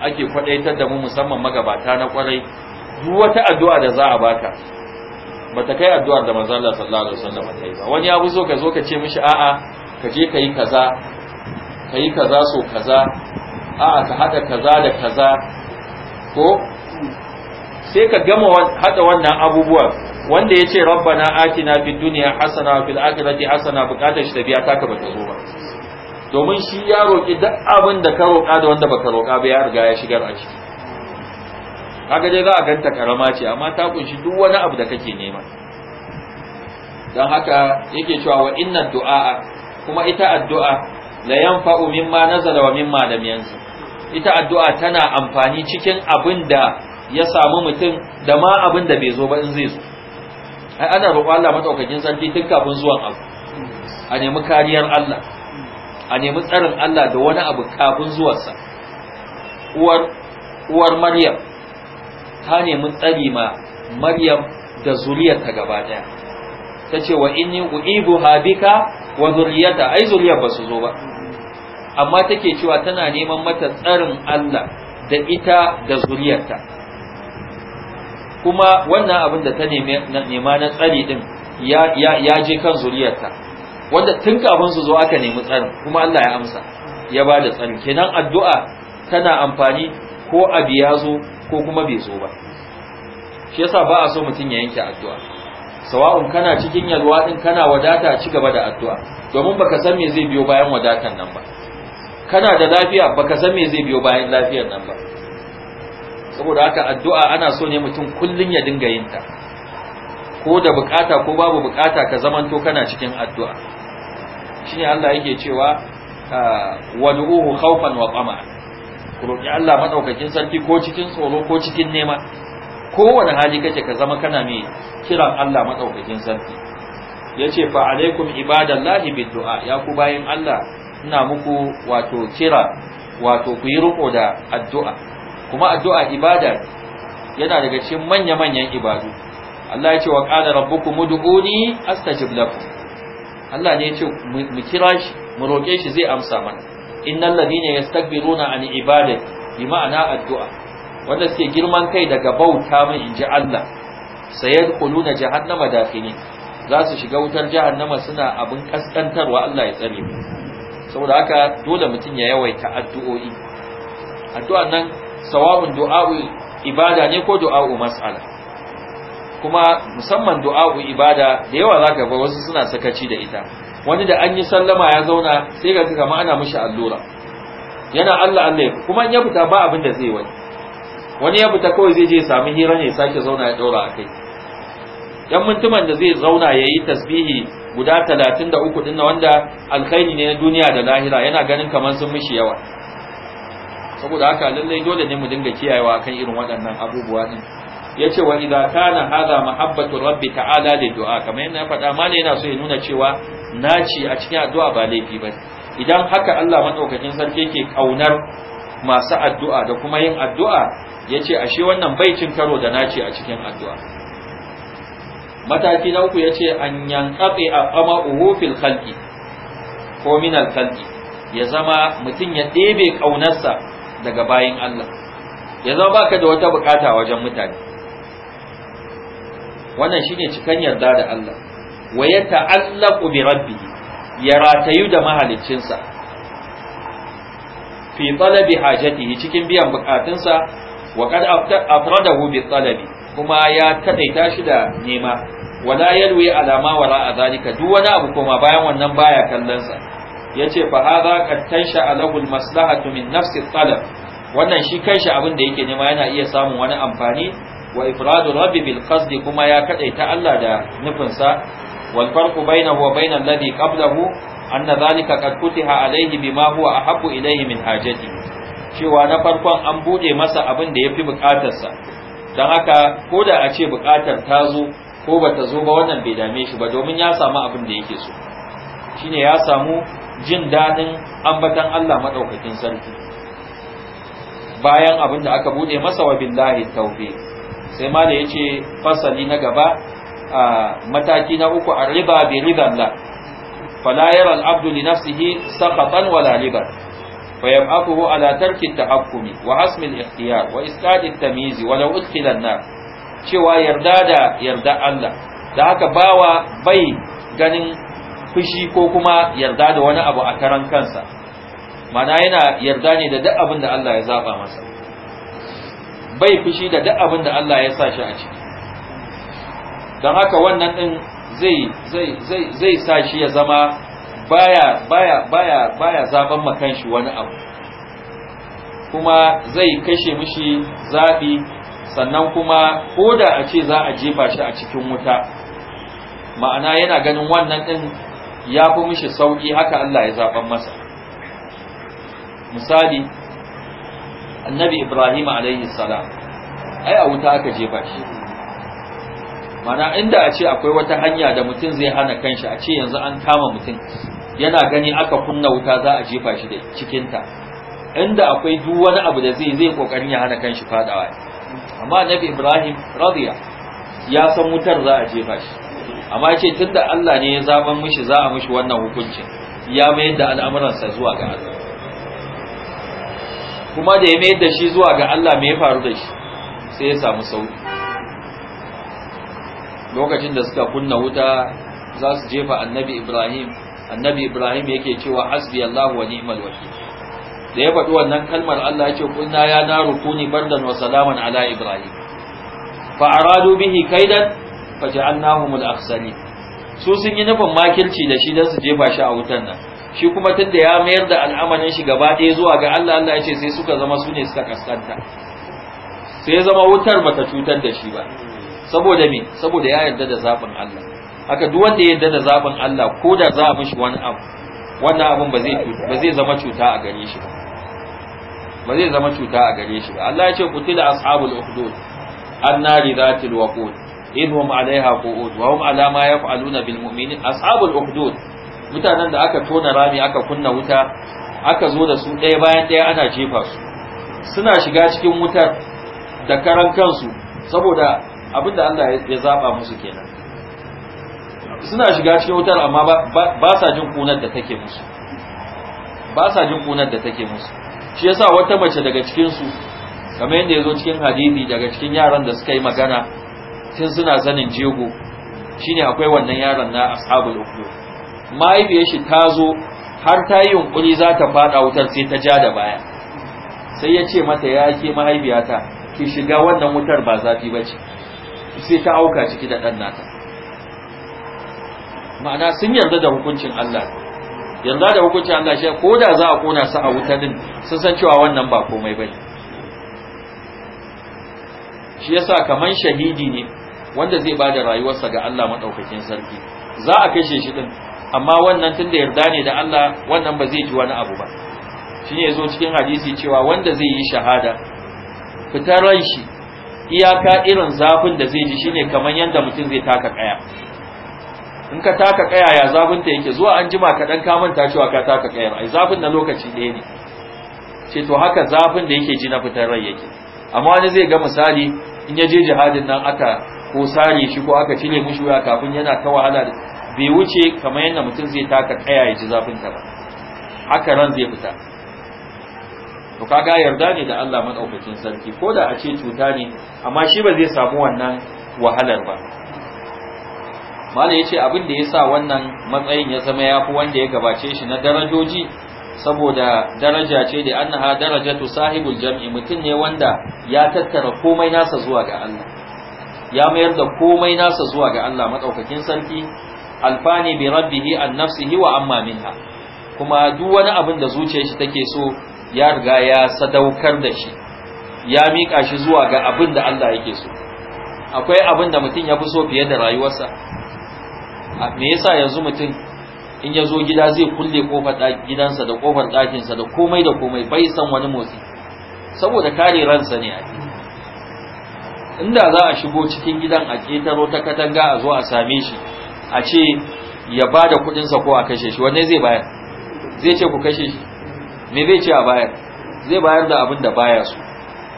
ake kwadaitar da mu musamman magabata na kwarai duk wata addu'a da za a baka bata kai addu'ar da manzon Allah sallallahu alaihi wasallam ta yi ba wani ya buzo ka zo ka ce mishi a'a ka je ka yi kaza ka yi kaza so kaza a'a ka hada kaza da kaza ko sai ka gama hada wannan abubuwan wanda ya ce rabbana atina fid dunya hasana fil akhirati hasana bukatar shi ta biya taka bata zo ba domin shi ya roƙi duk abin da ka roƙa da wanda baka roƙa ba ya riga ya shigar a ciki kaga dai za a ganta karama ce amma ta kunshi duk wani abu da kake nema don haka yake cewa wa inna du'a kuma ita addu'a la yanfa'u mimma nazala wa mimma lam yanzil ita addu'a tana amfani cikin abin da ya samu mutum da ma abin da bai zo ba in zai zo ai ana roƙon Allah madaukakin sarki tun kafin zuwan abu a nemi kariyar Allah a nemi tsarin Allah da wani abu kafin zuwarsa uwar uwar Maryam ta nemi tsari ma Maryam da zuriyarta gaba daya tace wa inni uibu habika wa zuriyata ai zuriyar ba su zo ba amma take cewa tana neman mata tsarin Allah da ita da zuriyarta kuma wannan abin da ta nema na tsari din ya je kan zuriyarta wanda tun kafin su zo aka nemi tsarin kuma Allah ya amsa ya ba da tsarin kenan addu'a tana amfani ko a ya zo ko kuma bai zo ba shi yasa ba a so mutum ya yanke addu'a sawa'un kana cikin yalwa din kana wadata ci gaba da addu'a domin baka san me zai biyo bayan wadatan nan ba kana da lafiya baka san me zai biyo bayan lafiyar nan ba saboda haka addu'a ana so ne mutum kullun ya dinga yin ta ko da bukata ko babu bukata ka zamanto kana cikin addu'a shine Allah yake cewa ah, wad'uhu khawfan wa tama ku roki Allah madaukakin sarki ko cikin tsoro ko cikin nema kowane hali kake ka zama kana mai kiran Allah madaukakin sarki yace fa alaikum ibadallahi biddu'a ya ku bayin Allah ina muku wato kira wato ku yi riko da addu'a kuma addu'a ibada yana daga cikin manya-manyan ibadu Allah ya ce wa qala rabbukum ud'uni astajib lakum Allah ne ya ce mu kira shi mu roƙe shi zai amsa mana innal ladina yastakbiruna an ibadati bi ma'ana addu'a wanda suke girman kai daga bauta min inji Allah sayadkhuluna jahannama dakhilin za su shiga wutar jahannama suna abin kaskantarwa Allah ya tsare mu saboda haka dole mutum ya yawaita addu'o'i addu'an nan sawabun du'a'u ibada ne ko du'a'u mas'ala kuma musamman du'a'u ibada da yawa zaka ga wasu suna sakaci da ita wani da an yi sallama ya zauna sai ga kama ana mishi allura yana Allah Allah kuma in ya fita ba abin da zai wani wani ya fita kawai zai je ya samu hira ne sake zauna ya daura akai yan mintuman da zai zauna ya yi tasbihi guda talatin da uku wanda alkhairi ne na duniya da lahira yana ganin kamar sun mishi yawa saboda haka lallai dole ne mu dinga kiyayewa kan irin waɗannan abubuwa din yace wa idza kana hadha mahabbatu rabbi ta'ala li du'a kamar yana faɗa mali yana so ya nuna cewa naci a cikin addu'a ba laifi ba idan haka Allah madaukakin sarki ke kaunar masu addu'a da kuma yin addu'a yace ashe wannan baicin karo da naci a cikin addu'a mataki na uku yace an yanqati a qama fil khalqi ko min al ya zama mutum ya ɗebe ƙaunarsa daga bayin Allah ya zama baka da wata bukata wajen mutane wannan shine cikan yarda da Allah wa ya ta'allaqu bi rabbi ya ratayu da mahaliccinsa fi talabi hajatihi cikin biyan bukatunsa wa qad afradahu bi talabi kuma ya kadaita shi da nema wala yalwi alama wala azalika duk wani abu kuma bayan wannan baya kallonsa yace fa hadha qad tansha alahu almaslahatu min nafsi talab wannan shi kanshi abin da yake nema yana iya samun wani amfani wa ifradu rabbi bil qasdi kuma ya ta Allah da nufinsa wal farqu bainahu wa labi alladhi qablahu anna dhalika qad kutiha alayhi bima huwa ahabbu ilayhi min hajati cewa na farkon an bude masa abin da yafi bukatarsa dan haka koda a ce bukatar ta zo ko bata zo ba wannan bai dame shi ba domin ya samu abin da yake so shine ya samu jin dadin ambatan Allah madaukakin sarki bayan abin da aka bude masa wa billahi tawfiq sai ma da yace fasali na gaba a mataki na uku arriba bi ridan la fala yara al-abdu li nafsihi saqatan wala riban فيبعثه على wa التحكم وعصم wa وإسقاط التمييز ولو أدخل النار cewa yarda da yarda Allah da haka bawa bai ganin fushi ko kuma yarda da wani abu a karan kansa mana yana yarda ne da duk abin da Allah ya zaba masa bai fushi da duk abin da Allah ya sa shi a ciki don haka wannan din zai sa shi ya zama baya baya baya zaben wani abu kuma zai kashe mishi zaɓi sannan kuma koda a ce za a jefa shi a cikin wuta ma'ana yana ganin wannan din ya fi mishi sauki haka Allah ya zaben masa misali annabi ibrahim alayhi salam ai a wuta aka jefa shi mana inda a ce akwai wata hanya da mutum zai hana kanshi a ce yanzu an kama mutum yana gani aka kunna wuta za a jefa shi da cikinta inda akwai duk wani abu da zai zai kokarin ya hana kanshi fadawa amma annabi ibrahim radiya ya san wutar za a jefa shi amma ya ce tunda Allah ne ya zaban mishi za a mishi wannan hukuncin ya mayar da al'amuransa zuwa ga Allah kuma da ya mai da shi zuwa ga Allah mai faru da shi sai ya samu sauki lokacin da suka kunna wuta za su jefa annabi Ibrahim annabi Ibrahim yake cewa hasbi Allah wa ni'mal wakil da ya faɗi wannan kalmar Allah ya ce kunna ya naru kuni bardan wa salaman ala Ibrahim fa aradu bihi kaidan faja'alnahum al akhsari su sun yi nufin makirci da shi dan su jefa shi a wutan nan shi kuma tunda ya mayar da al'amarin shi gaba ɗaya zuwa ga Allah Allah ya ce sai suka zama su ne suka kaskanta sai ya zama wutar bata cutar da shi ba saboda me saboda ya yarda da zaɓin Allah haka duk wanda ya yarda da zaɓin Allah ko da za a mishi wani abu wannan abun ba zai ba zai zama cuta a gare shi ba ba zai zama cuta a gare shi ba Allah ya ce qutila ashabul ukhdud annari zatil waqud idhum alaiha qu'ud wa hum ala ma yaf'aluna bil mu'minin ashabul ukhdud mutanen da aka tona rami aka kunna wuta aka zo da su ɗaya bayan ɗaya ana jefa su suna shiga cikin wutar da karan kansu saboda abin da Allah ya zaba musu kenan suna shiga cikin wutar amma ba sa jin kunar da take musu ba sa jin kunar da take musu shi yasa wata mace daga cikin su kamar yadda yazo cikin hadisi daga cikin yaran da suka yi magana tun suna zanin jego shine akwai wannan yaron na ashabul ukhdud mahaifiyar shi ta zo har ta yi yunkuri za ta fada wutar sai ta ja da baya sai ya ce mata ya ke mahaifiyata ki shiga wannan wutar ba zafi ba sai ta auka ciki da ɗan nata ma'ana sun yarda da hukuncin Allah yarda da hukuncin Allah shi ko da za a kona su a wuta din sun san cewa wannan ba komai bane shi yasa kamar shahidi ne wanda zai bada rayuwarsa ga Allah madaukakin sarki za a kashe shi din amma wannan tunda yarda ne da Allah wannan ba zai ji wani abu ba shi ne zo cikin hadisi cewa wanda zai yi shahada fitar ran shi iyaka irin zafin da zai ji shine kamar yanda mutum zai taka kaya in ka taka kaya ya zafin ta yake zuwa an jima ka dan ka manta cewa ka taka kaya ai zafin na lokaci ɗaya ne ce to haka zafin da yake ji na fitar rai yake amma wani zai ga misali in ya je jihadin nan aka ko sare shi ko aka cire mushi wuya kafin yana ta wahala bai wuce kamar yadda mutum zai taka kaya ya ji zafin ta ba haka ran zai fita to kaga yarda ne da Allah madaukakin sarki ko da a ce cuta ne amma shi ba zai samu wannan wahalar ba malam yace abin da yasa wannan matsayin ya zama yafi wanda ya gabace shi na darajoji saboda daraja ce da annaha darajatu sahibul jam'i mutum ne wanda ya tattara komai nasa zuwa ga Allah ya mayar da komai nasa zuwa ga Allah madaukakin sarki alfani bi rabbihi an nafsihi wa amma minha kuma duk wani abin da zuciyar shi take so ya riga ya sadaukar da shi ya mika shi zuwa ga abin da Allah yake so akwai abin da mutum ya fi so fiye da rayuwarsa me yasa yanzu mutum in ya zo gida zai kulle kofar gidansa da kofar ɗakinsa da komai da komai bai san wani motsi saboda kare ransa ne a inda za a shigo cikin gidan a ƙetaro ta katanga a zo a same shi a ce ya ba da kudinsa ko a kashe shi wanne zai bayar zai ce ku kashe shi me zai ce a bayar zai bayar da abin da baya su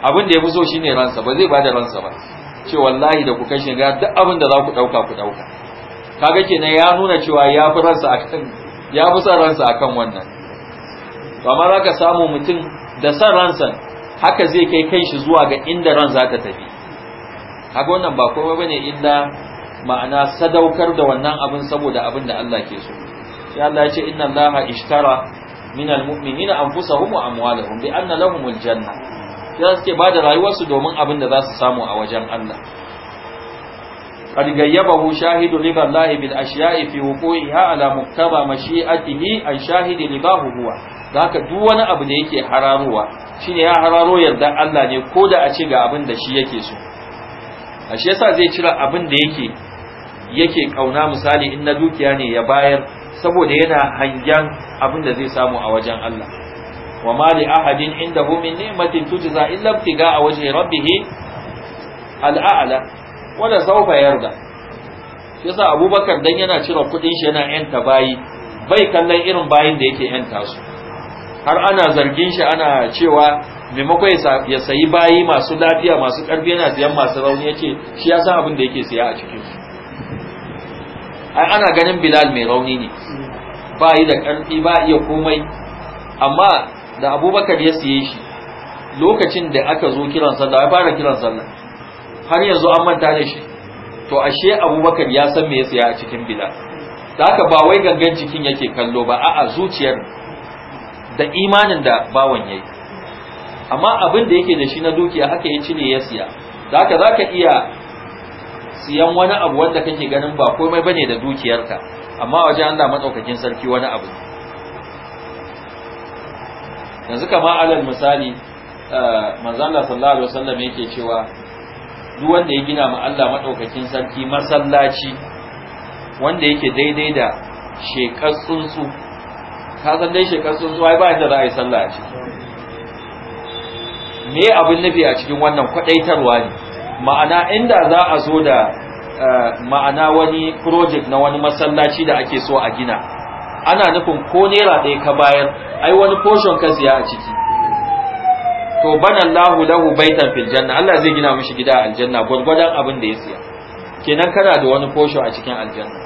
abin da ya fi so shine ransa ba zai bada ransa ba ce wallahi da ku kashe ga duk abin da za ku dauka ku dauka kaga kenan ya nuna cewa ya fi ransa akan ya fi san ransa akan wannan to amma za ka samu mutum da san ransa haka zai kai shi zuwa ga inda ran za ta tafi haka wannan ba komai bane illa ma'ana sadaukar da wannan abin saboda abin da Allah ke so shi Allah ya ce inna Allaha ishtara min mu'minina anfusahum wa amwalahum bi anna lahumul janna sai suke bada rayuwarsu domin abin da za su samu a wajen Allah shahidu, li billahi bil ashiya'i fi wuqu'iha ala muktaba mashi'atihi an shahidi li bahu huwa zaka duk wani abu da yake hararowa shine ya hararo yardan Allah ne ko da a ce ga abin da shi yake so ashe yasa zai cira abin da yake yake kauna misali in na dukiya ne ya bayar saboda yana hangen abin da zai samu a wajen Allah wa ma li ahadin indahu min ni'matin tujza illa ibtiga wajhi rabbih al'a'la wala sawfa yarda yasa abubakar dan yana cire kudin shi yana yanta bayi bai kallon irin bayin da yake yanta su har ana zargin shi ana cewa maimakon ya sayi bayi masu lafiya masu karfi yana siyan masu rauni yace shi ya san abin da yake siya a cikin su ai ana ganin bilal mai rauni ne ba yi da ƙarfi ba iya komai amma da abubakar ya siye shi lokacin da aka zo kiran sallah ya fara kiran sallah har yanzu an manta da shi to ashe abubakar ya san me ya siya a cikin bilal da haka ba wai gangan cikin yake kallo ba a'a zuciyar da imanin da bawan yayi amma abin da yake da shi na dukiya haka ya cire ya siya da haka zaka iya siyan wani abu wanda kake ganin ba komai bane da dukiyarka amma wajen Allah madaukakin sarki wani abu yanzu kama alal misali eh, manzo Allah sallallahu alaihi wasallam yake cewa duk wanda ya gina ma Allah madaukakin sarki masallaci wanda yake daidai da shekar tsuntsu ka san dai shekar tsuntsu ai ba yadda za a yi sallah a ciki me abin nufi a cikin wannan kwadaitarwa ne ma'ana inda za a zo da eh, ma'ana wani project na wani masallaci da ake so a gina ana nufin ko naira ɗaya ka bayar ai wani portion ka siya a ciki to banallahu lahu baitan fil janna Allah zai gina mishi gida a aljanna gwargwadon abin da ya siya kenan kana da wani portion a cikin aljanna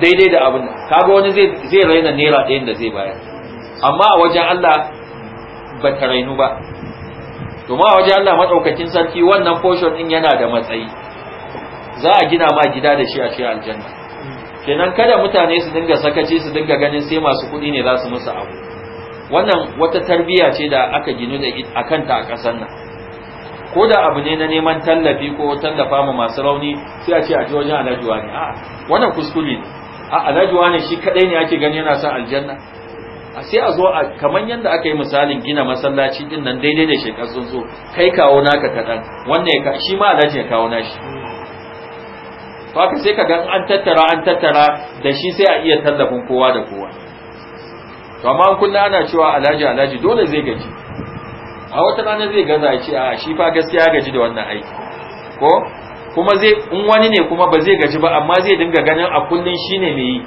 daidai da abin kaga wani zai zai raina naira ɗayan da zai bayar amma a wajen Allah ba ta rainu ba to ma waje Allah madaukakin sarki wannan portion din yana da matsayi za a gina ma gida da shi a cikin aljanna kenan kada mutane su dinga sakaci su dinga ganin sai masu kuɗi ne za su musu abu wannan wata tarbiya ce da aka ginu da akan ta a ƙasar nan ko da abu ne na neman tallafi ko tallafa ma masu rauni sai a ce a ji wajen alajuwa ne a wannan kuskure ne a alajuwa ne shi kadai ne ake gani yana son aljanna a sai a zo a kamar yadda aka yi misalin gina masallaci din nan daidai da shekar tsuntsu kai kawo naka kadan wannan ya shi ma alhaji ya kawo nashi to haka sai kaga an tattara an tattara da shi sai a iya tallafin kowa da kowa to amma kullum ana cewa alhaji alhaji dole zai gaji a wata rana zai gaza ya ce a shi fa gaskiya gaji da wannan aiki ko kuma zai in wani ne kuma ba zai gaji ba amma zai dinga ganin a kullun shine mai yi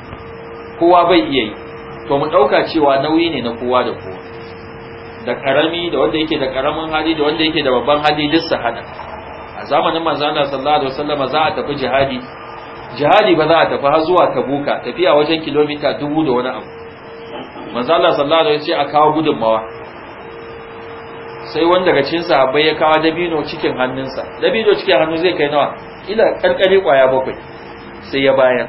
kowa bai iya yi to mu ɗauka cewa nauyi ne na kowa da kowa da karami da wanda yake da karamin hali da wanda yake da babban hali duk su hada a zamanin manzo Allah sallallahu alaihi wasallam za a tafi jihadi jihadi ba za a tafi har zuwa Tabuka tafiya wajen kilomita dubu da wani abu manzo Allah sallallahu alaihi wasallam a kawo gudunmawa sai wanda daga cikin sahabbai ya kawo dabino cikin hannunsa dabino cikin hannu zai kai nawa Ila karkare kwaya bakwai sai ya bayar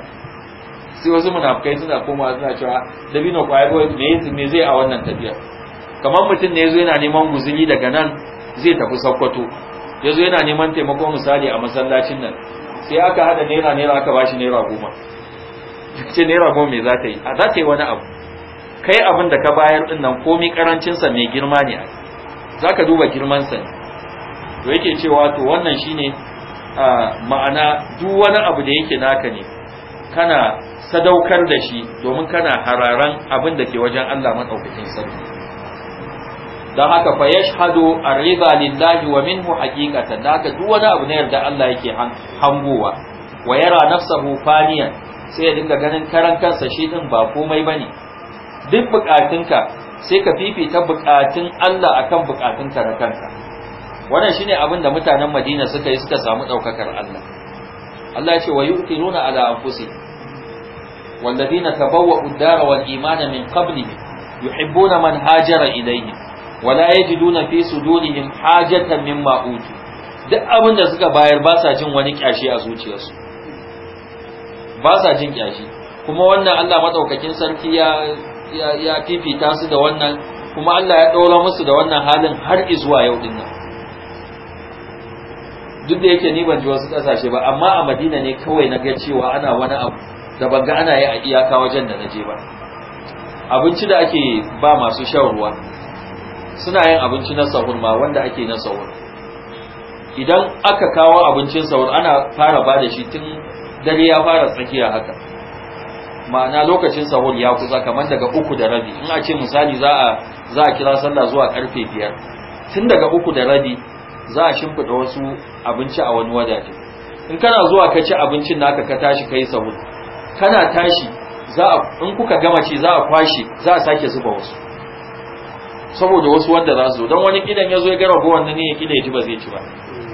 sai wasu munafukai suna koma suna cewa dabino kwaya me zai a wannan tafiya kamar mutum ne yazo yana neman guzuri daga nan zai tafi Sokoto yazo yana neman taimako misali a masallacin nan sai aka hada naira naira aka bashi naira goma ce naira goma me za ta yi a za ta yi wani abu kai abin da ka bayar din nan komai karancin sa mai girma ne za ka duba girman sa to yake cewa to wannan shine ma'ana duk wani abu da yake naka ne kana sadaukar da shi domin kana hararan abin da ke wajen Allah madaukakin sarki don haka fa yashhadu ar riba lillahi wa minhu haqiqatan da haka duk wani abu na yarda Allah yake hangowa wa yara nafsahu faniyan sai ya dinga ganin karan kansa shi din ba komai bane duk bukatunka sai ka fifita bukatun Allah akan bukatunka na kanka wannan shine abin da mutanen Madina suka yi suka samu daukakar Allah Allah ya ce wa yuqiruna ala anfusihim walladhina tabawwa'u ad-dara wal imana min qablihim yuhibbuna man hajara ilayhim wala yajiduna fi sudurihim hajatan mimma utu duk abin da suka bayar ba sa jin wani kyashi a zuciyarsu ba sa jin kyashi kuma wannan Allah madaukakin sarki ya ya fifita su da wannan kuma Allah ya ɗora musu da wannan halin har izuwa yau din nan duk da yake ni ban ji wasu kasashe ba amma a madina ne kawai na ga cewa ana wani abu da ban ga ana yi a iyaka wajen da naje je ba abinci da ake ba masu shawarwa suna yin abinci na sahur ma wanda ake na sahur idan aka kawo abincin sahur ana fara ba da shi tun dare ya fara tsakiya haka ma'ana lokacin sahur ya kusa kamar daga uku da rabi in a ce misali za a za a kira sallah zuwa karfe biyar tun daga uku da rabi za a shimfida wasu abinci a wani wadata in kana zuwa ka ci abincin naka ka tashi ka yi sabon kana tashi in kuka gama ce za a kwashe za a sake zuba wasu saboda wasu wanda za su zo don wani kidan ya zo ya gara gowan ne ya kida ya ji ba zai ci ba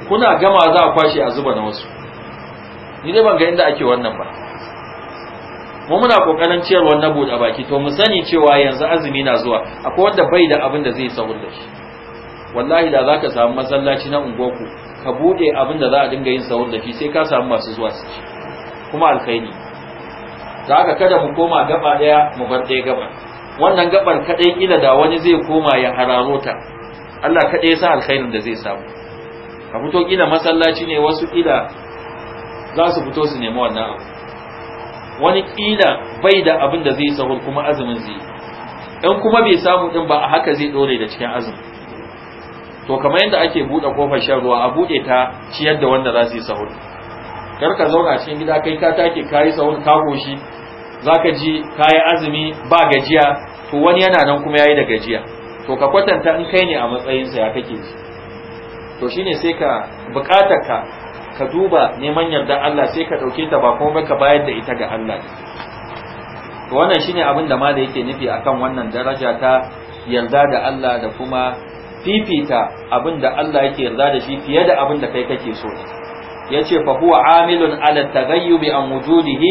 kuna gama za a kwashe a zuba na wasu ni dai ban ga inda ake wannan ba mu muna kokarin ciyarwar na buɗe baki to mu sani cewa yanzu azumi na zuwa akwai wanda bai da abin da zai saurin da shi wallahi da zaka samu masallaci na unguwarku ka bude abin da za a dinga yin sahur da shi sai ka samu masu zuwa su ci kuma alkhairi zaka kada mu koma gaba daya mu bar ɗaya gaba wannan gabar kaɗai kila da wani zai koma ya hararo ta Allah kaɗai ya sa alkhairin da zai samu ka fito kila masallaci ne wasu kila za su fito su nemi wannan abu wani kila bai da abin da zai sahur kuma azumin zai in kuma bai samu din ba a haka zai dore da cikin azumin. to kamar yadda ake buɗe kofar shan ruwa a buɗe ta ciyar da wanda za su yi sahur kar ka zauna cikin gida kai ka take ka yi sahur ka goshi za ka ji ka yi azumi ba gajiya to wani yana nan kuma ya yi da gajiya to ka kwatanta in kai ne a matsayinsa ya kake ji to shine sai ka buƙatar ka ka duba neman yarda Allah sai ka ɗauke ta ba kuma ka bayar da ita ga Allah To wannan shine abin da Malam yake nufi akan wannan daraja ta yarda da Allah da kuma fifita abin da Allah yake yarda da shi fiye da abin da kai kake so ya ce fa huwa amilun ala taghayyubi an wujudihi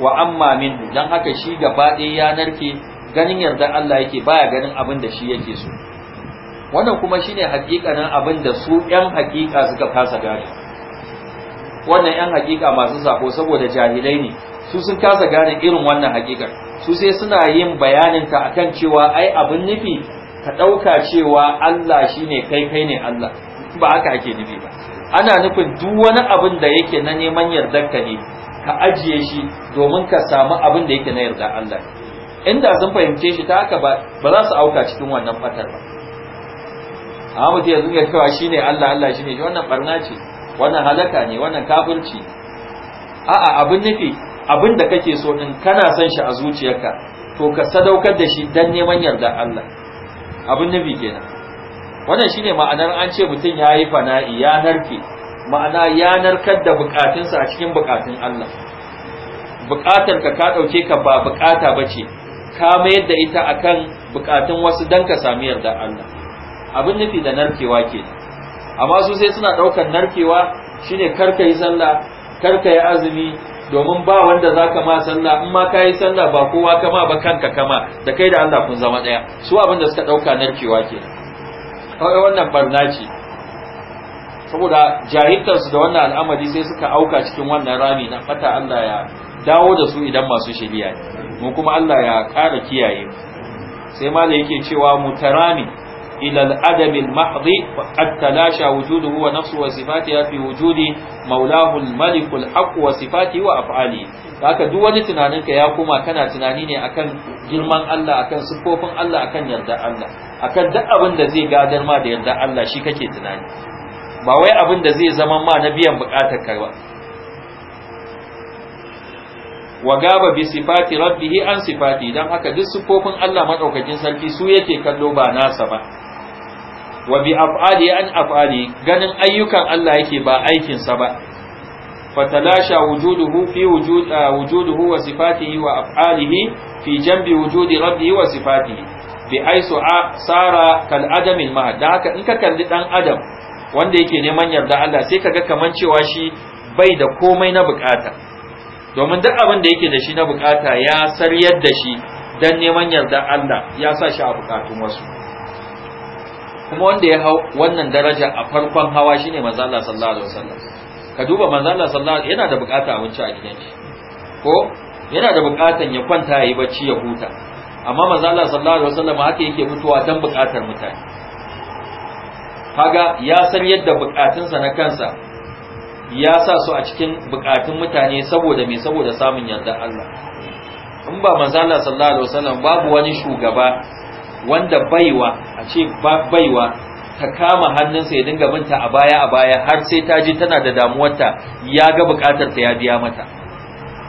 wa amma min. dan haka shi gaba ɗaya ya narke ganin yarda Allah yake baya ganin abin da shi yake so wannan kuma shine hakikanin abin da su ƴan hakika suka kasa gane wannan ƴan hakika masu sako saboda jahilai ne su sun kasa gane irin wannan hakikar su sai suna yin bayanin ta akan cewa ai abin nufi ka ɗauka cewa Allah shi ne, kai kai ne Allah ba aka ake nufi ba ana nufin duk wani abin da yake na neman ka ne ka ajiye shi domin ka samu abin da yake na yarda Allah inda sun fahimce shi ta haka ba ba za su auka cikin wannan fatar ba amma mutum yanzu ya cewa ne Allah Allah ne shi wannan barna ce wannan halaka ne wannan kafirci a'a abin nufi abin da kake so din kana son shi a zuciyarka to ka sadaukar da shi dan neman yarda Allah abin nufi kenan wannan shine ma'anar an ce mutum ya yi fana'i ya narke ma'ana ya narkar da bukatunsa a cikin bukatun Allah bukatar ka ka dauke ka ba bukata bace ka mayar da ita akan bukatun wasu dan ka sami yarda Allah abin nufi da narkewa ke amma su sai suna daukar narkewa shine karka yi sallah karka yi azumi domin ba wanda za ka ma sallah in ma ka yi sallah ba kowa kama ba kanka kama da kai da Allah kun zama ɗaya su abin da suka ɗauka narkewa ke kawai wannan barna ce saboda jahiltarsu da wannan al'amari sai suka auka cikin wannan rami na fata Allah ya dawo da su idan masu shari'a mu kuma Allah ya ƙara kiyaye sai ma yake cewa mu rami. إلى الأدم المحض وقد تلاشى وجوده ونفسه وصفاتها في وجود مولاه الملك الحق وصفاته وأفعاله haka duk wani tunaninka ya koma kana tunani ne akan girman Allah akan siffofin Allah akan yarda Allah akan duk abin zai gadar ma da yarda Allah shi kake tunani ba wai abin da zai zama ma na biyan bukatar ka ba wa gaba bi sifati rabbih an sifati dan haka duk siffofin Allah maɗaukacin sarki su yake kallo ba nasa ba wa bi af'ali an af'ali ganin ayyukan Allah yake ba aikin sa ba fatalasha wujuduhu fi wujud ah, wujuduhu wa sifatihi wa af'alihi fi jambi wujudi rabbihi wa sifatihi bi aisu sara kal adamil ma dan haka in ka kalli dan adam wanda yake neman yarda Allah sai kaga kaman cewa shi bai da komai na bukata domin duk abin da yake da shi na bukata ya saryar da shi dan neman yarda Allah ya sa shi a bukatun wasu kuma wanda ya hau wannan daraja a farkon hawa shine manzo Allah sallallahu alaihi wasallam ka duba manzo Allah sallallahu alaihi yana da bukata abinci a gidan shi ko yana da bukatan ya kwanta yayi bacci ya huta amma manzo Allah sallallahu alaihi wasallam haka yake mutuwa dan bukatar mutane kaga ya san yadda bukatunsa na kansa ya sa su a cikin bukatun mutane saboda me saboda samun yarda Allah in ba manzo Allah sallallahu alaihi wasallam babu wani shugaba wanda baiwa a ce baiwa ta kama hannunsa ya dinga binta a baya a baya har sai ta ji tana da damuwarta ya ga bukatar ta ya biya mata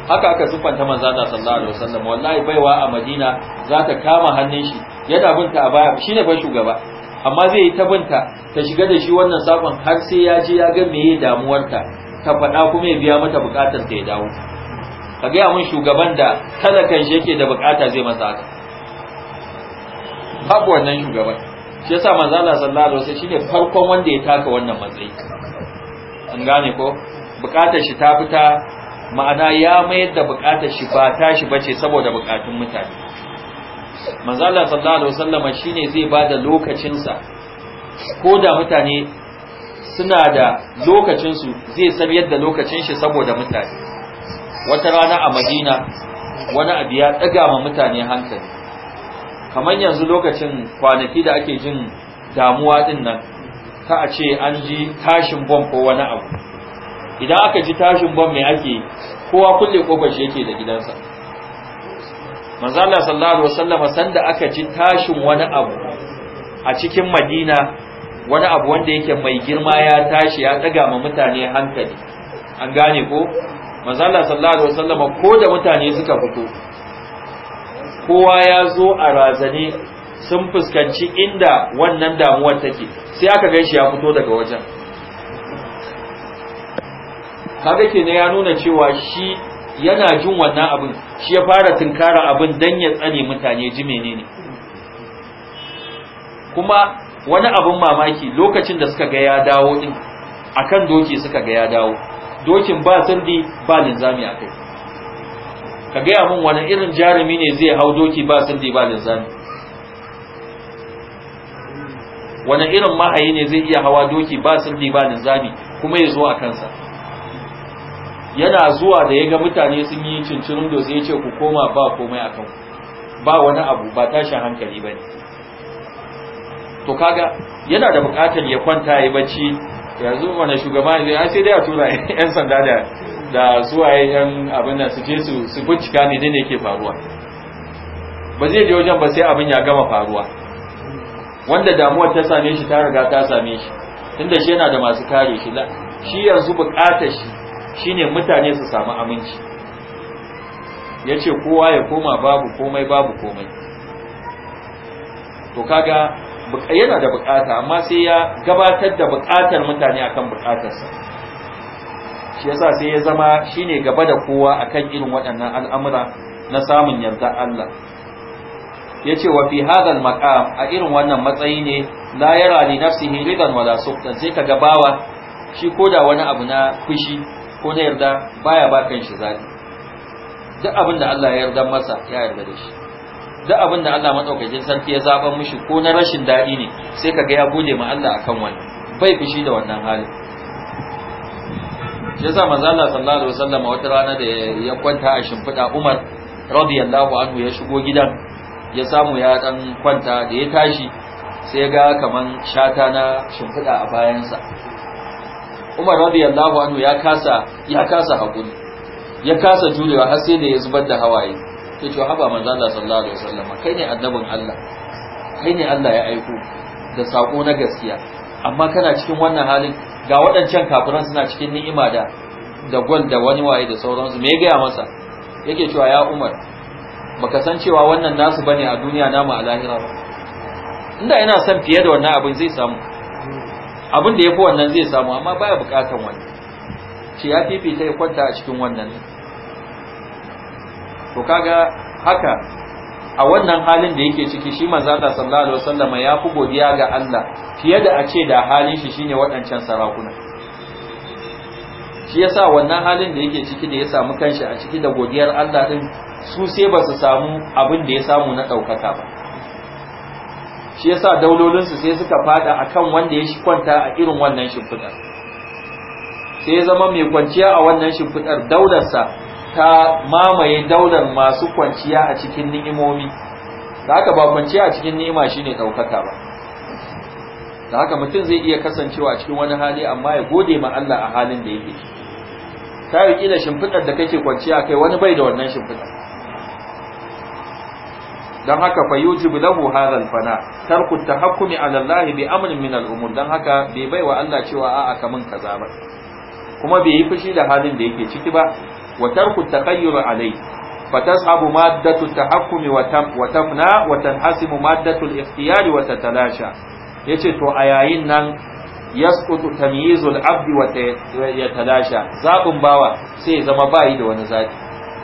haka aka siffanta manzo da sallallahu alaihi wasallam wallahi baiwa a Madina za ta kama hannun shi yana binta a baya shine fa shugaba amma zai yi ta binta ta shiga da shi wannan sakon har sai ya ji ya ga meye damuwarta ta faɗa kuma ya biya mata bukatar ta ya dawo ka ga mun shugaban da talakan shi yake da bukata zai masa haka babu wannan shugaban shi yasa manzo Allah sallallahu alaihi wasallam shine farkon wanda ya taka wannan matsayi an gane ko bukatar shi ta fita ma'ana ya mayar da bukatar shi ba tashi bace saboda bukatun mutane manzo Allah sallallahu alaihi wasallam shine zai bada lokacin sa ko da mutane suna da lokacin su zai san yadda lokacin shi saboda mutane wata rana a Madina wani abu ya daga ma mutane hankali kamar yanzu lokacin kwanaki da ake jin damuwa din nan ta a ce an ji tashin bom ko wani abu idan aka ji tashin bom mai ake kowa kulle kofar shi yake da gidansa manzo Allah sallallahu alaihi wasallam sanda aka ji tashin wani abu a cikin Madina wani abu wanda yake mai girma ya tashi ya daga ma mutane hankali an gane ko manzo Allah sallallahu alaihi wasallam ko da mutane suka fito kowa ya zo a razane sun fuskanci inda wannan damuwar take sai aka gaishe ya fito daga wajen kaga kenan ya nuna cewa shi yana jin wannan abin shi ya fara tunkara abin dan ya tsare mutane ji menene kuma wani abin mamaki lokacin da suka ga ya dawo din akan doki suka ga ya dawo dokin ba sirdi ba linzami akai ka gaya min wani irin jarumi ne zai hau doki ba sirdi ba linzami wani irin mahayi ne zai iya hawa doki ba sirdi ba linzami kuma ya zo a kansa yana zuwa da ya ga mutane sun yi cincirin da ya ce ku koma ba komai a kanku ba wani abu ba tashin hankali ba ne to kaga yana da bukatar ya kwanta ya bacci yanzu wani shugaba ne sai dai a tura (laughs) 'yan sanda da da zuwa yan abin nan su je su su bincika ne ne yake faruwa ba zai je wajen ba sai abin ya gama faruwa wanda damuwar ta same shi ta riga ta same shi tunda shi yana da masu kare shi shi yanzu bukatar shi shine mutane su samu aminci yace kowa ya koma babu komai babu komai to kaga yana da bukata amma sai ya gabatar da bukatar mutane akan bukatarsa shi yasa sai ya zama shine gaba da kowa akan irin waɗannan al'amura na samun yarda Allah yace wa fi hadal maqam a irin wannan matsayi ne la yara li nafsihi ridan wala sukta sai kaga bawa shi koda wani abu na fushi ko na yarda baya ba kan shi zaki duk abin da Allah ya yarda masa ya yarda da shi duk abin da Allah madaukakin sarki ya zaban mishi ko na rashin dadi ne sai kaga ya gode ma Allah akan wannan bai fushi da wannan halin shi yasa manzo Allah sallallahu alaihi wasallam wata rana da ya kwanta a shimfiɗa Umar radiyallahu anhu ya shigo gidan ya samu ya dan kwanta da ya tashi sai ga kaman shata na shimfiɗa a bayansa Umar radiyallahu anhu ya kasa ya kasa hakuri ya kasa jurewa har sai da ya zubar da hawaye ya ce haba manzo Allah sallallahu alaihi wasallam kai ne annabin Allah kai ne Allah ya aiko da sako na gaskiya amma kana cikin wannan halin ga waɗancan kafiran suna cikin ni'ima da da gwal da wani waye da sauransu me ya masa yake cewa ya umar baka san cewa wannan nasu bane a duniya namu a lahira ba inda yana son fiye da wannan abin zai samu abin da yafi wannan zai samu amma baya bukatan wani. ce ya fifita ya kwanta a cikin wannan to kaga haka a wannan halin da yake ciki shi manzo Allah sallallahu alaihi wasallam ya fi godiya ga Allah fiye da a ce da halin shi shine waɗancan sarakuna shi yasa wannan halin da yake ciki da ya samu kanshi a ciki da godiyar Allah din su sai ba su samu abin da ya samu na ɗaukaka ba shi yasa daulolinsu sai suka fada akan wanda ya shi kwanta a irin wannan shimfiɗar sai ya zama mai kwanciya a wannan shimfiɗar daularsa ta mamaye daular masu kwanciya a cikin ni'imomi da haka ba kwanciya a cikin ni'ima shine daukaka ba da haka mutum zai iya kasancewa cikin wani hali amma ya gode ma Allah a halin da yake ta yi kila shimfiɗar da kake kwanciya kai wani bai da wannan shimfiɗar don haka fa yujibu lahu hadha fana tarku tahakkumi ala Allah bi amrin min al-umur don haka bai bai wa Allah cewa a'a kamun kaza ba kuma bai yi fushi da halin da yake ciki ba wa tarku taqayyur alai fatashabu maddatu tahakkumi wa tafna wa tanhasimu maddatu al-ikhtiyari wa tatalasha yace to a yayin nan yasqutu tamyizul abdi wa talasha, zabun bawa sai ya zama bayi da wani zafi.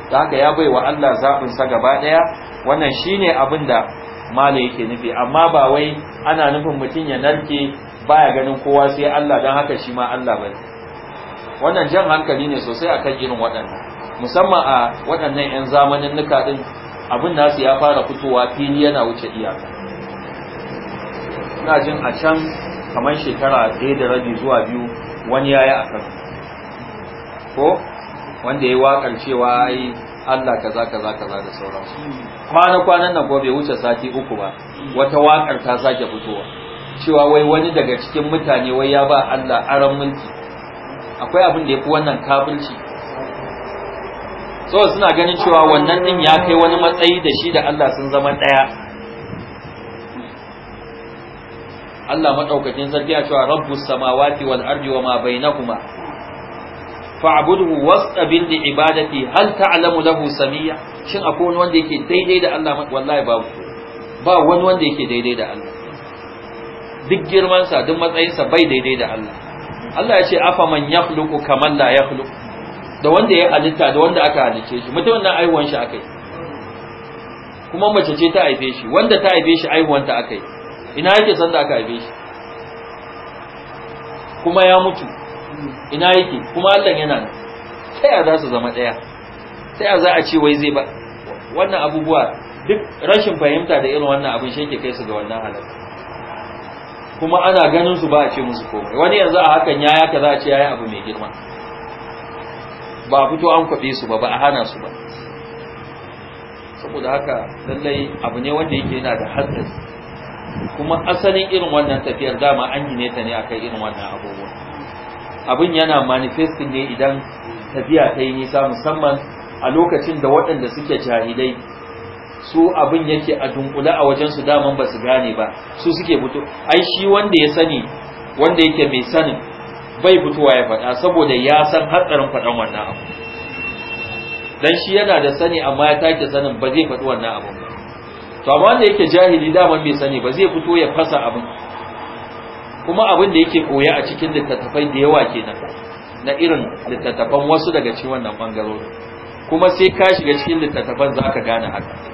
da haka ya baiwa Allah zabin sa gaba ɗaya? wannan shine abin da Malam yake nufi amma ba wai ana nufin mutum ya narke baya ganin kowa sai Allah don haka shi ma Allah bane wannan jan hankali ne sosai akan irin waɗannan musamman a waɗannan 'yan zamanin nuka ɗin abin nasu ya fara fitowa fili yana wuce iyaka ina jin a can kamar shekara ɗaya da rabi zuwa biyu wani ya yi a kan ko wanda ya yi waƙar cewa ai Allah kaza kaza kaza da sauransu kwana kwanan nan gobe wuce sati uku ba wata waƙar ta sake fitowa cewa wai wani daga cikin mutane wai ya ba Allah aron mulki akwai abin da ya fi wannan kafirci so suna ganin cewa wannan din ya kai wani matsayi da shi da Allah sun zama ɗaya Allah maɗaukakin sarki ya cewa rabbus samawati wal ardi wa ma bainahuma fa'budhu wastabil li ibadati hal ta'lamu lahu samia shin akwai wani wanda yake daidai da Allah wallahi babu ba wani wanda yake daidai da Allah duk girmansa duk matsayinsa bai daidai da Allah Allah ya ce afa man yakhluqu kaman la yakhluq da wanda ya halitta da wanda aka halice shi mutum nan aiwon shi akai kuma mace ce ta haife shi wanda ta haife shi aiwon ta akai ina yake sanda aka haife shi kuma ya mutu ina yake kuma Allah yana nan ta ya za su zama daya ta ya za a ce wai zai ba wannan abubuwa duk rashin fahimta da irin wannan abin shi yake kai su ga wannan halaka kuma ana ganin su ba a ce musu komai wani yanzu a hakan ya yaka za a ce yayi abu mai girma ba a fito an kwabe su ba ba a hana su ba saboda haka lallai abu ne wanda yake yana da hatsari kuma asalin irin wannan tafiyar dama an gine ta ne akan irin wannan abubuwa abin yana manifesting ne idan tafiya ta yi nisa musamman a lokacin da waɗanda suke jahilai su abin yake a dunkule a wajen su daman ba su gane ba su suke fito ai shi wanda ya sani wanda yake mai sanin bai fitowa ya faɗa saboda ya san hatsarin faɗan wannan abu dan shi yana da sani amma ya take sanin ba zai faɗi wannan abu ba to amma wanda yake jahili daman bai sani ba zai fito ya fasa abin kuma abin da yake koya a cikin littattafai da yawa kenan na irin littattafan wasu daga cikin wannan bangarori kuma sai ka shiga cikin littattafan zaka gane haka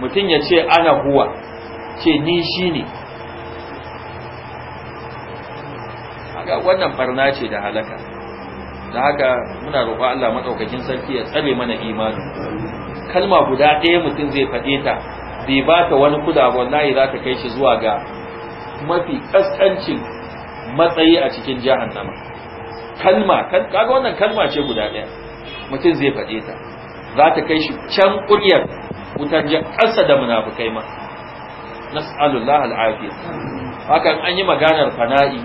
mutum ya ce ana huwa ce ni shi ne wannan barna ce da halaka da haka muna roƙon Allah matsaukakin sarki ya tsare mana imanin kalma guda ɗaya mutum zai faɗe ta bai ba ta wani kula ba wallahi za ta kai shi zuwa ga mafi ƙasƙancin matsayi a cikin jahannama kalma kaga wannan kalma ce guda ɗaya mutum zai faɗe ta za ta kai shi can ƙuryar wutar ƙasa da munafukai ma nas'alullah al'afiya hakan an yi maganar fana'i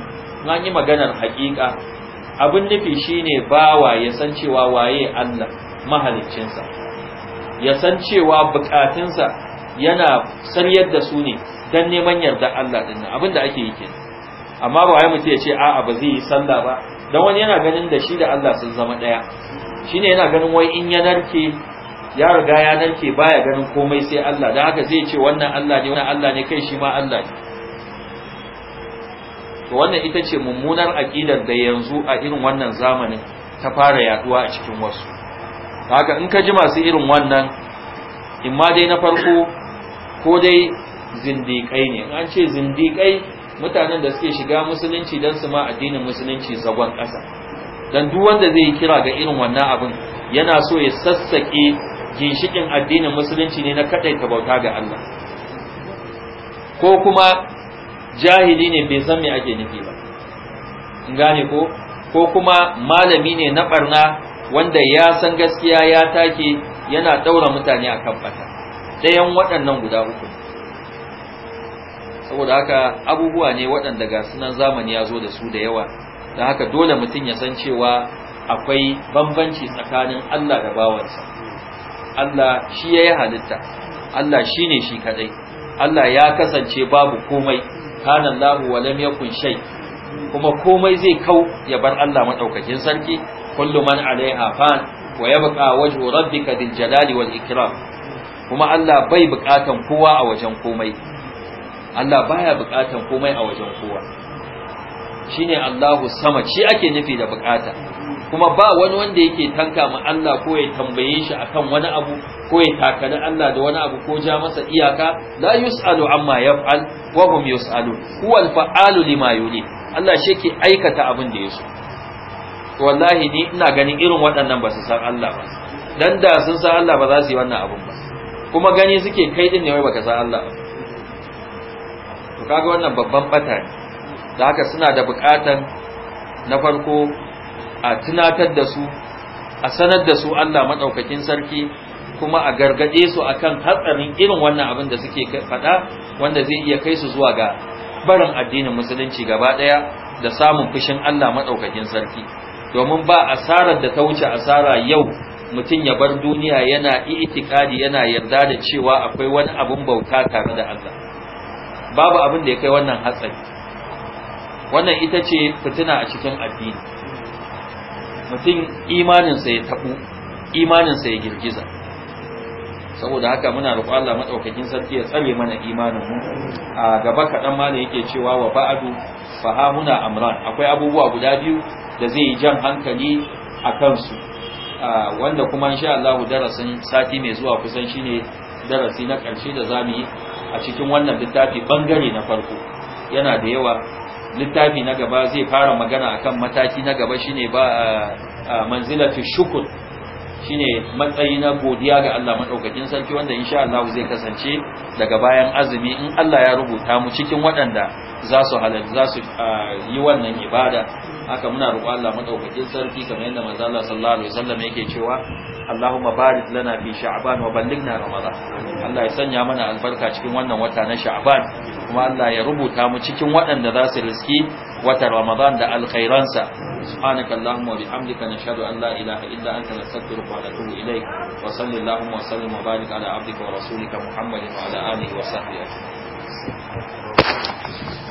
an yi maganar haƙiƙa abin nufi shine bawa ya san cewa waye Allah mahaliccinsa ya san cewa bukatunsa yana saryar da su ne dan neman yarda Allah din abin da ake yi kenan amma ba wai mutum ya ce a'a ba zai yi sallah ba dan wani yana ganin da shi da Allah sun zama daya shine yana ganin wai in ya narke ya riga ya narke baya ganin komai sai Allah da haka zai ce wannan Allah ne wannan Allah ne kai shi ma Allah ne to wannan ita ce mummunar aqidar da yanzu a irin wannan zamanin ta fara yaduwa a cikin wasu haka in ka ji masu irin wannan in ma dai na farko ko dai zindiƙai ne an ce zindiƙai mutanen da suke shiga musulunci don su ma addinin musulunci zagon ƙasa dan duk wanda zai yi kira ga irin wannan abin yana so ya sassaƙe ginshikin addinin musulunci ne na ta bauta ga Allah ko kuma jahili ne bai san me ake nufi ba gane ko ko kuma malami ne na barna wanda ya san gaskiya ya take yana daura mutane a kan bata ɗayan waɗannan guda uku saboda haka abubuwa ne waɗanda ga sunan zamani ya zo da su da yawa don haka dole mutum ya san cewa akwai bambanci tsakanin Allah da bawansa Allah shi ya yi halitta Allah shi ne shi kadai Allah ya kasance babu komai kanan lahu wa lam yakun shay kuma komai zai kau ya bar Allah madaukakin sarki kullu man alaiha fan wa yabqa wajhu rabbika dil jalali wal ikram kuma Allah bai bukatan kowa a wajen komai Allah baya bukatan komai a wajen kowa shine Allahu sama shi ake nufi da bukata kuma ba wani wanda yake tanka ma Allah ko ya tambaye shi akan wani abu ko ya takani Allah da wani abu ko ja masa iyaka la yus'alu amma yaf'al wa hum yus'alu huwa al-fa'alu lima yuli Allah shi ke aikata abin da yaso wallahi ni ina ganin irin waɗannan ba su san Allah ba dan da sun san Allah ba za su yi wannan abun ba kuma gani suke kai din ne wai baka san Allah ba to kaga wannan babban fata ne da haka suna da buƙatan na farko a tunatar da su a sanar da su Allah Maɗaukakin sarki kuma a gargade su akan hatsarin irin wannan abin da suke faɗa wanda zai iya kai su zuwa ga barin addinin musulunci gaba ɗaya da samun fushin Allah Maɗaukakin sarki domin ba asarar da ta wuce asara yau mutum ya bar duniya yana itikadi yana yarda da cewa akwai wani abin bauta tare da Allah babu abin da ya kai wannan hatsari wannan ita ce fitina a cikin addini mutum imaninsa ya taɓu imaninsa ya girgiza saboda haka muna roƙon Allah madaukakin sarki ya tsare mana imanin mu a gaba kaɗan ma yake cewa wa ba'adu fahamuna amran akwai abubuwa guda biyu da zai yi jan hankali a kansu wanda kuma insha Allah darasin sati mai zuwa kusan shine darasi na ƙarshe da zamu yi a cikin wannan littafi bangare na farko yana da yawa littafi na gaba zai fara magana akan mataki na gaba shine ba manzilatu shukr shine matsayi na godiya ga Allah madaukakin sarki wanda insha Allah zai kasance daga bayan azumi in Allah ya rubuta mu cikin waɗanda za su za su yi wannan ibada haka muna da Allah madaukakin sarki kamar yadda manzo Allah sallallahu alaihi wasallam yake cewa Allahumma barik lana fi sha'ban wa ballighna ramadan Allah ya sanya mana albarka cikin wannan wata na sha'ban kuma Allah ya rubuta mu cikin waɗanda za su riski wata ramadan da alkhairansa subhanaka allahumma wa bihamdika nashhadu an la ilaha illa anta nastaghfiruka wa natubu ilayk wa sallallahu wa sallim wa barik ala abdika wa rasulika muhammadin wa wa